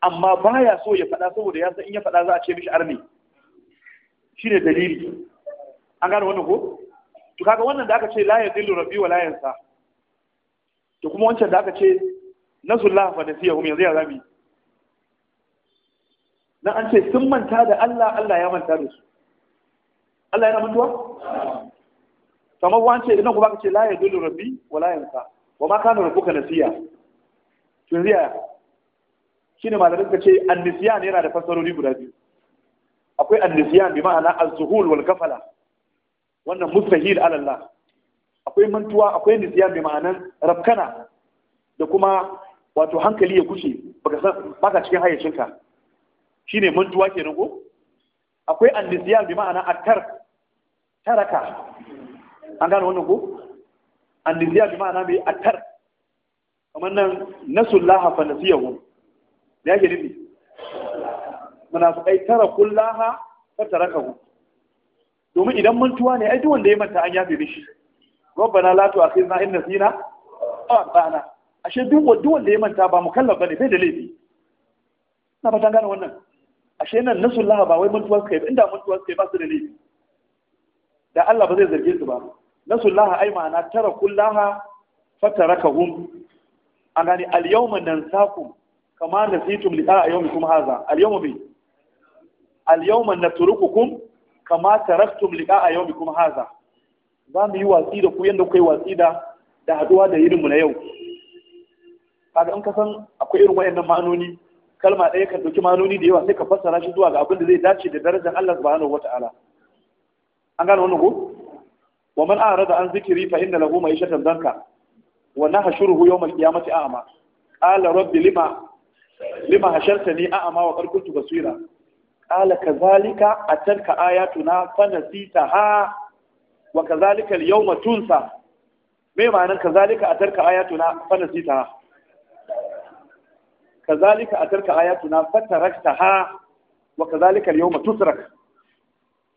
amma baya so ya faɗa saboda ya san in ya faɗa za a ce mishi arni ne dalili an gane wannan ko to kaga wannan da aka ce la yadillu rabbi wa la yansa to kuma wancan da aka ce nasullah fa nasiyahum yanzu ya zami dan an ce sun manta da Allah Allah ya manta da su Allah yana mantuwa kamar wance idan kuma ka ce la yadullu rabbi wa la yansa wa ma kana rabbuka nasiya to riya shine malamai suka ce annisiyan yana da fassarori guda biyu akwai annisiyan bi ma'ana az-zuhul wal kafala wannan mustahil ala Allah akwai mantuwa akwai nisiyan bi ma'ana rabkana da kuma wato hankali ya kushe baka san baka cikin hayyacinka shine mantuwa kenan ko akwai annisiyan bi ma'ana atar taraka an gane wannan ko anniziya bi ma'ana mai attar kamar nan laha fa nasiyahu da yake nufi munafiqai tara kullaha fa tarakahu domin idan mantuwa ne ai duk wanda ya manta an yafe mishi rabbana la tu'akhizna in nasina aw akhtana ashe duk wanda ya manta ba mukallaf bane bai da laifi na fatan gane wannan ashe nan laha ba wai mantuwa suka yi inda mantuwa suka yi ba su da laifi da Allah ba zai zarge su ba laha ai ma'ana Tara, tarakullaha fatarakahum A gani al-yawma nansakum kama nasitum liqa yawmikum hadha al-yawma bi al-yawma natrukukum kama taraktum liqa yawmikum hadha za mu yi watsi da ku yanda kuka yi watsi da da haduwa da irin mu na yau kaga in ka san akwai irin wayannan ma'anoni kalma ɗaya kan ɗauki ma'anoni da yawa sai ka fassara shi zuwa ga abin da zai dace da darajar Allah subhanahu wata'ala an gane wannan ko wa man arada an zikiri fa inna lahu ma'ishatan danka wa nahshuruhu yawm al-qiyamati a'ma qala rabbi lima lima hashartani a'ma wa qad kuntu basira qala kadhalika atanka ayatuna fa nasitaha wa kadhalika al-yawma tunsa me ma'anar kadhalika atanka ayatuna fa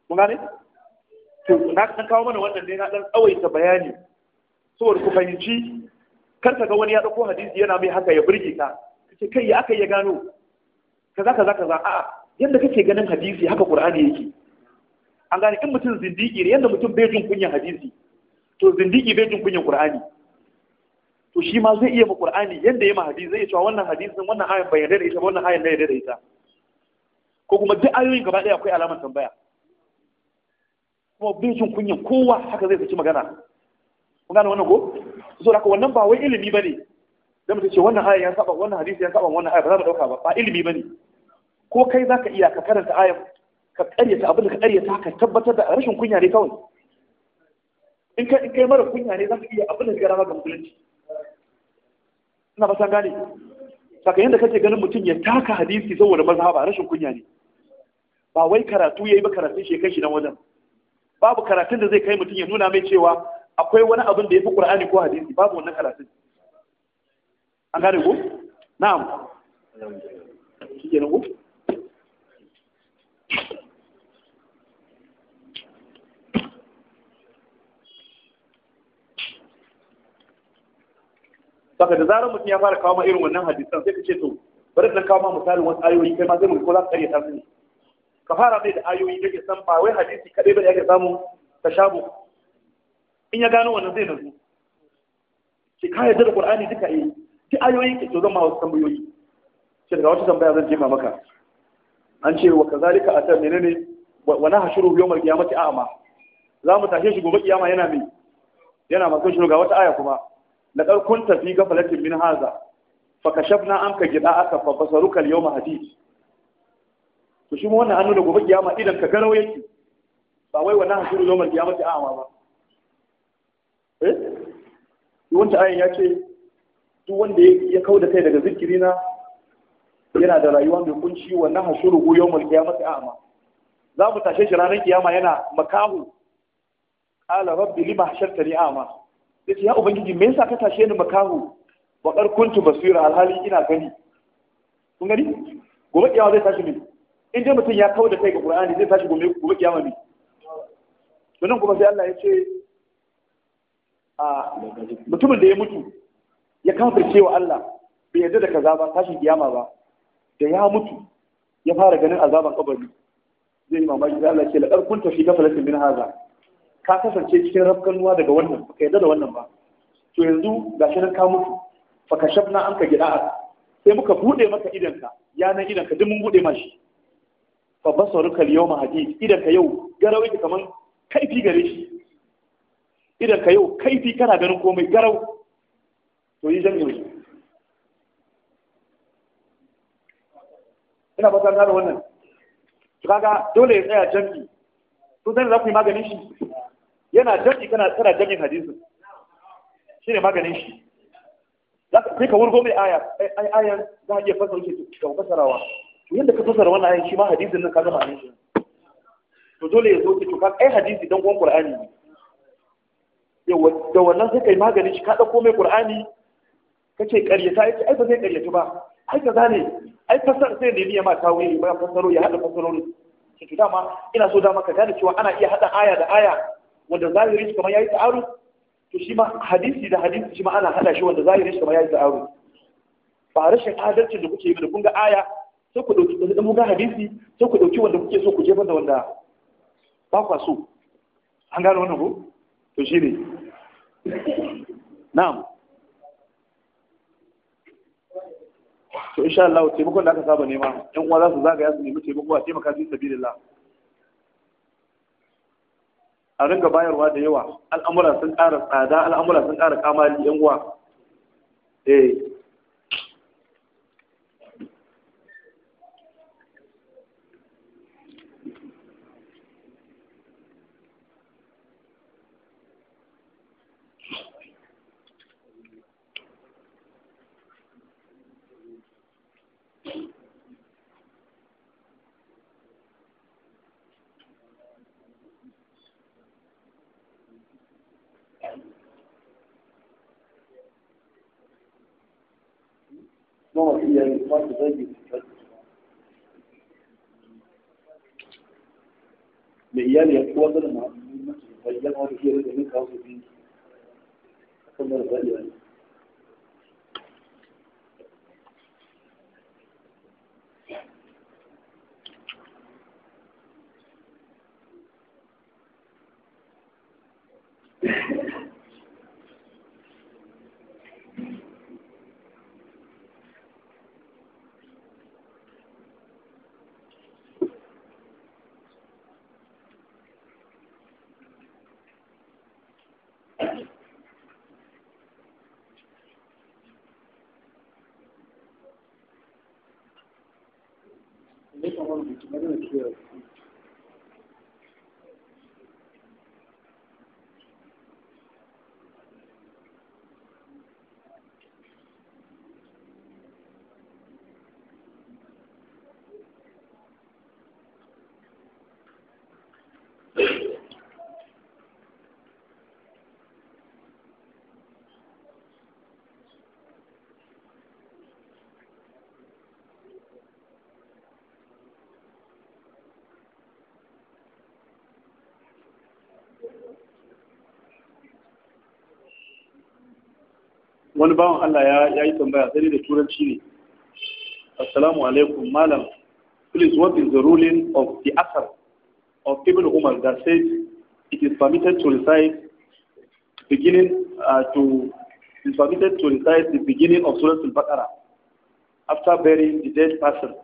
wa gane to na kawo mana wannan ne na dan tsawaita bayani saboda ku fahimci kar ka ga wani ya dauko hadisi yana mai haka ya burge ka kace kai ya aka ya gano kaza kaza kaza a'a yanda kake ganin hadisi haka qur'ani yake an gane in mutum zindiki ne yanda mutum bai jin kunyan hadisi to zindiki bai jin kunyan qur'ani to shi ma zai iya ma qur'ani yanda ya ma hadisi zai cewa wannan hadisin wannan ayan bai yarda da ita wannan ayan bai yarda da ita ko kuma duk ayoyin gaba daya akwai alamar tambaya kuma kunya jin kunyan kowa haka zai saki magana kun gane wannan ko so haka wannan ba wai ilimi bane dan mutum ce wannan aya ya saba wannan hadisi ya saba wannan aya ba za mu dauka ba ba ilimi bane ko kai zaka iya ka karanta ayan ka karyata abin da ka karyata ka tabbatar da rashin kunya ne kawai in ka in kai mara kunya ne zaka iya abin da ka rama ga musulunci ina ba san gane saka yanda kake ganin mutum ya taka hadisi saboda mazhaba rashin kunya ne ba wai karatu yayi ba karatun shi shi nan wajen babu karatun da zai kai mutum ya nuna mai cewa akwai wani abin da ya fi ƙur'ani ko hadisi babu wannan karatun an gane ku na'am shi ku saka da zarar mutum ya fara kawo ma irin wannan hadisan sai ka ce to bari dan kawo ma misalin wasu ayoyi kai ma zai mu ko za ka ƙaryata su ne ka fara mai da ayoyi da ke san ba wai hadisi kaɗai ba da yake samu ta shabu in ya gano wannan zai nazu ki ka yarda da qur'ani duka yi eh. ki ayoyin ki to zan wasu tambayoyi ki daga wata tambaya zan jima maka an ce wa kazalika ata menene wa nahshuru yawmal qiyamati a'ma za mu tashe shi gobe kiyama yana mai yana masu shi ga wata aya kuma la qad kunta fi ghaflatin min hadha fa kashafna anka gida'aka fa basaruka al-yawma hadid to shi wannan hannu da gobe kiyama idan ka garo yake ba wai wannan hasuru kiyama kiyamati a'ama ba eh wanda ayin ya ce duk wanda ya kauda kai daga zikiri na yana da rayuwa mai kunci wannan hasuru go yawmal kiyamati a'ama za mu tashe shi ranar kiyama yana makahu qala rabbi lima hashartani a'ama yace ya ubangiji me yasa ka tashe ni makahu wa qarkuntu basira alhali ina gani kun gani gobe kiyama zai tashi ne in dai mutum ya kawo da kai ga Qur'ani zai tashi gobe gobe kiyama ne Da nan kuma sai Allah ya ce a mutumin da ya mutu ya kafirce wa Allah bai yarda da kaza ba tashi kiyama ba da ya mutu ya fara ganin azaban kabari zai yi mamaki da Allah ce laqad kunta fi ghaflatin min hadha ka kasance cikin rafkanuwa daga wannan ka yarda da wannan ba to yanzu gashi nan ka mutu fa kashafna anka gida'a sai muka bude maka idanka yanan idanka duk mun bude mashi Babban sauri al-yawma hadid idan ka yau garau yake kamar kaifi gare shi idan ka yau kaifi kana ganin komai garau to yi jami'i ina fatan gane wannan to kaga dole ya tsaya jami'i to sai za ku yi maganin shi yana jami'i kana tsara jami'in hadisin shi ne maganin shi Za ka wurgo mai aya ayan za a iya fasa wuce ka fasarawa yadda ka fasara wannan ayin shi ma hadisin nan ka zama ne shi to dole ya zo ki to ka ai hadisi dan gon qur'ani yawa da wannan sai kai magani shi ka dauko mai qur'ani kace ƙaryata ai ai ba zai ƙaryata ba ai ka zane ai fasar sai ne niyya ma tawili ba fasaro ya hada ne ki to dama ina so dama ka gane cewa ana iya hada aya da aya wanda zahiri shi kamar yayi ta'aruf to shi ma hadisi da hadisi shi ma ana hada shi wanda zahiri shi kamar yayi ta'aruf ba rashin adalcin da kuke yi da kun ga aya sai ku ɗauki wani ɗan hadisi sai ku ɗauki wanda kuke so ku jefar da wanda ba kwa so an gano wannan ko to shi ne na'am to insha Allah taimakon da aka saba nema ɗan uwa za su zagaya su nemi taimako a taimaka fi sabilillah a ringa bayarwa da yawa al'amura sun ƙara tsada al'amura sun ƙara kamali yan uwa eh kuma masu iyaye kuma su zagi su mai iyali ya kowa sanin ma'amalin mace bayyana wani hira da ninka wasu biyu kan mara zaɗi a yi years. wani bawan Allah ya yi tambaya sai da turanci ne assalamu alaikum malam please what is the ruling of the asar of Ibn Umar that says it is permitted to recite beginning uh, to is permitted to recite the beginning of Surah Al-Baqarah after burying the dead person.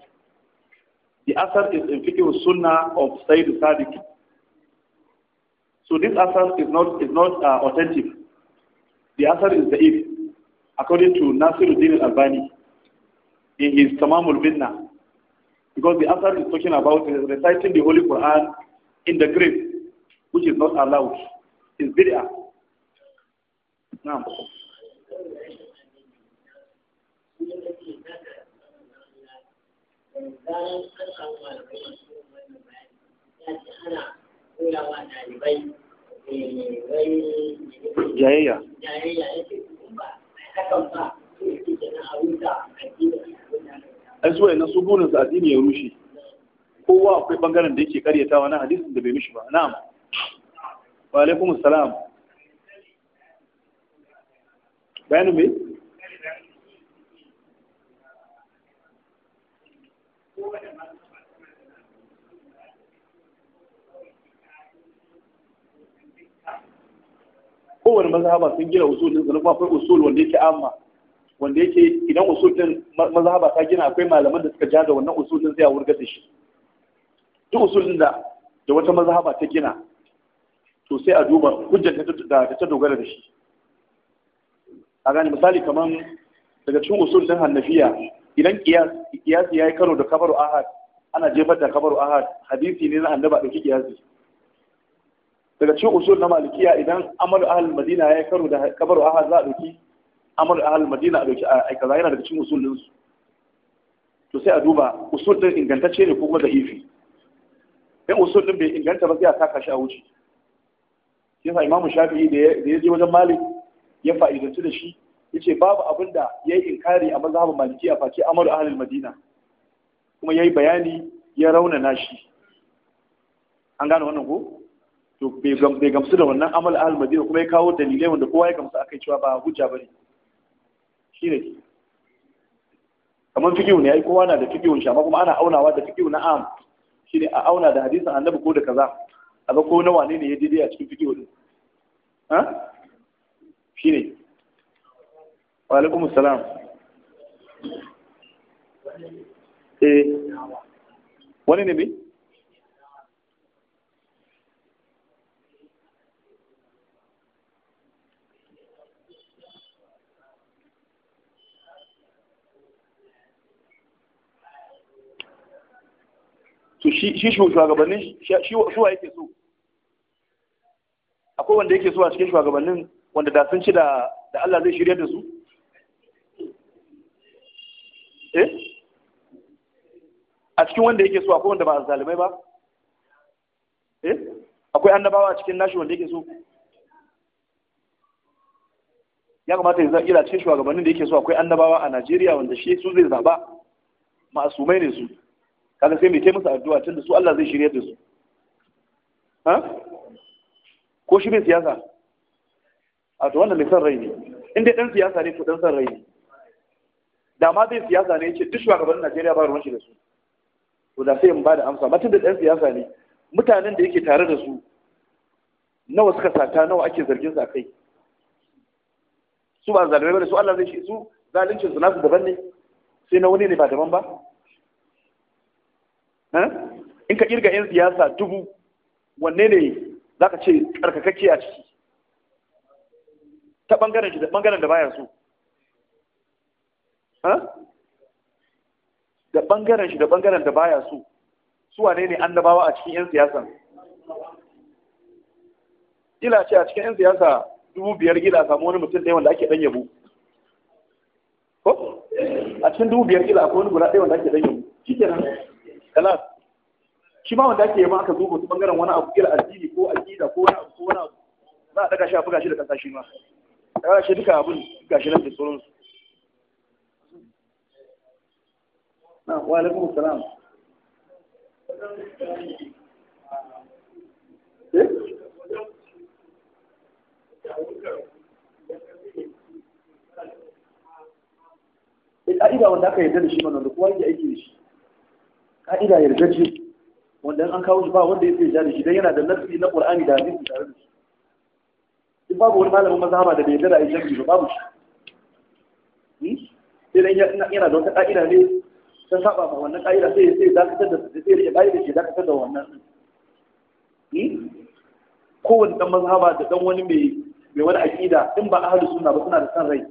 The asar is in fiqh sunnah of Sayyid Sadiq. So this asar is not is not uh, authentic. The asar is the if. according to Nasiruddin al-Albani in his Tamamul Minna because the author is talking about reciting the Holy Quran in the grave which is not allowed is bid'ah na'am jayayya jayayya A su wayannan su gunan su addini ya rushe kowa akwai bangaren da yake karyatawa na hadisin da bai mishi ba na'am wa alaikum assalam bayanin me kowane mazhaba sun gina usul din sannan kuma akwai usul wanda yake amma wanda yake idan usul din mazhaba ta gina akwai malaman da suka jada wannan usul din zai wurga da shi duk usul da da wata mazhaba ta gina to sai a duba hujjar da ta dogara da shi a gane misali kaman daga cikin usul din hannafiya idan kiyasi ya yi karo da kabaru ahad ana jefar da kabaru ahad hadisi ne na annaba da kiyasi daga cikin usul na malikiya idan amalu ahal madina ya karo da kabaru aha za a ɗauki amalu ahal madina a ɗauki a kaza yana daga cikin usulin su to sai a duba usul din ingantacce ne ko kuma da ifi in usul din bai inganta ba sai a saka shi a wuce sai imamu shafi'i da ya je wajen malik ya fa'idantu da shi yace babu abin da yayi inkari a mazhabin malikiya face amalu ahal madina kuma yayi bayani ya raunana shi an gane wannan ko to bai gamsu da wannan amal ahal madina kuma ya kawo dalilai wanda kowa ya gamsu akai cewa ba hujja bane ne. kamar fiqhu ne ai kowa na da fiqhun shi amma kuma ana aunawa da fiqhu na am ne, a auna da hadisin annabi ko da kaza a ga ko na wane ne ya daidai a cikin fiqhu din ha ne. wa alaikum assalam eh wani ne bai to shi shugabannin shi wa yake so akwai wanda yake so a cikin shugabannin wanda da sun ci da Allah zai shirya da su eh a cikin wanda yake so akwai wanda ba zalimai ba eh akwai annabawa a cikin nashi wanda yake so ya kamata ya ila cikin shugabannin da yake so akwai annabawa a Najeriya wanda shi su zai zaba ma'asumai ne su kaga sai mai kai masa addu'a tunda su Allah zai shirya da su ha ko shi mai siyasa a to wannan mai san rai ne in dai dan siyasa ne to dan san rai ne da ma zai siyasa ne yace duk shugabannin Najeriya ba ruwan shi da su to da sai in ba da amsa ba tunda dan siyasa ne mutanen da yake tare da su nawa suka sata nawa ake zargin su akai su ba zalimai ba su Allah zai shi su zalincin su nasu daban ne sai na wani ne ba daban ba in ka kirga 'yan siyasa dubu wanne ne za ka ce karkakakke a ciki ta ɓangaren shi da ɓangaren da baya so da ɓangaren shi da ɓangaren da baya so su wane ne annabawa a cikin 'yan siyasa ila ce a cikin 'yan siyasa dubu biyar gila samu wani mutum ɗaya wanda ake ɗan yabo ko a cikin dubu biyar gila akwai wani guda ɗaya wanda ake ɗan yabo shi kalas shi ma wanda ake yamma aka zo wasu bangaren wani abu kira addini ko aqida ko wani abu ko wani abu za a daga shi a buga shi da kasa shi ma daga shi duka abun gashi nan da su. na wa alaikum salam eh ka'ida eh, wanda aka yarda da shi mana da kowa yake aiki da shi ka'ida ce wanda an kawo shi ba wanda ya fi jari shi dai yana da nasi na Qur'ani da hadisi tare da shi in babu wani malamin mazhaba da bai yarda da ayyukan ba babu shi hmm? sai dai yana da wata ka'ida ne ta saba ma wannan ka'ida sai sai dakatar da sai ya bayar da dakatar da wannan hmm? kowane dan mazhaba da dan wani mai mai wani aqida in ba ahlus sunna ba suna da san rai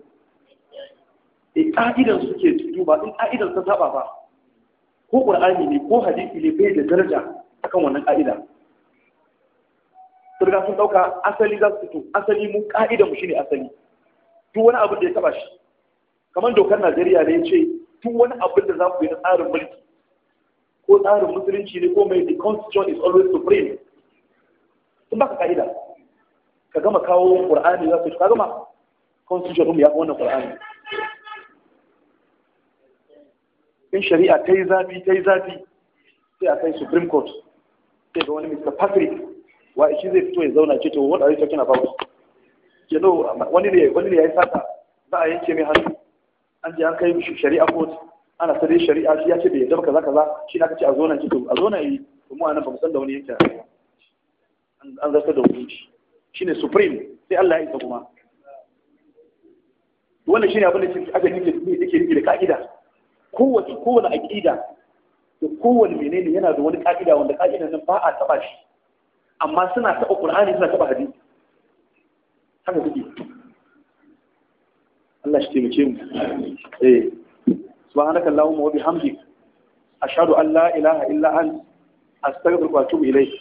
eh ka'idan suke duba in ka'idan ta saba ba ko qur'ani ne ko hadisi ne bai da daraja akan wannan ƙa'ida. sun sun ɗauka asali za su fito asali mu ka'idar mu shine asali tun wani abin da ya taɓa shi kamar dokar Najeriya ne ya ce tun wani abin da za ku yi na tsarin mulki ko tsarin musulunci ne ko mai the constitution is always supreme sun baka ƙa'ida ka gama kawo qur'ani za su fito, ka gama constitution ya fi wannan qur'ani in shari'a ta yi zafi ta yi zafi sai a kai supreme court sai ga wani mr patrick wa shi zai fito ya zauna ce to what are you talking about you wani ne wani ne yayi sata za a yanke mai hannu an je an kai shari'a court ana sadai shari'a shi ya ce bai yarda kaza kaza shi na kace a zauna ce to a zauna yi to mu anan ba mu san da wani yanke an zarta da hukunci shine supreme sai Allah ya isa kuma wannan shine abin da ake nike da ka'ida kowace kowane aƙida da kowane menene yana da wani ƙa'ida wanda ƙa'ida nan ba a taɓa shi amma suna taɓa ƙur'ani suna taɓa hadisi haka suke Allah shi taimake mu eh subhanaka allahumma wa bihamdik ashhadu an la ilaha illa anta astaghfiruka wa atubu ilayk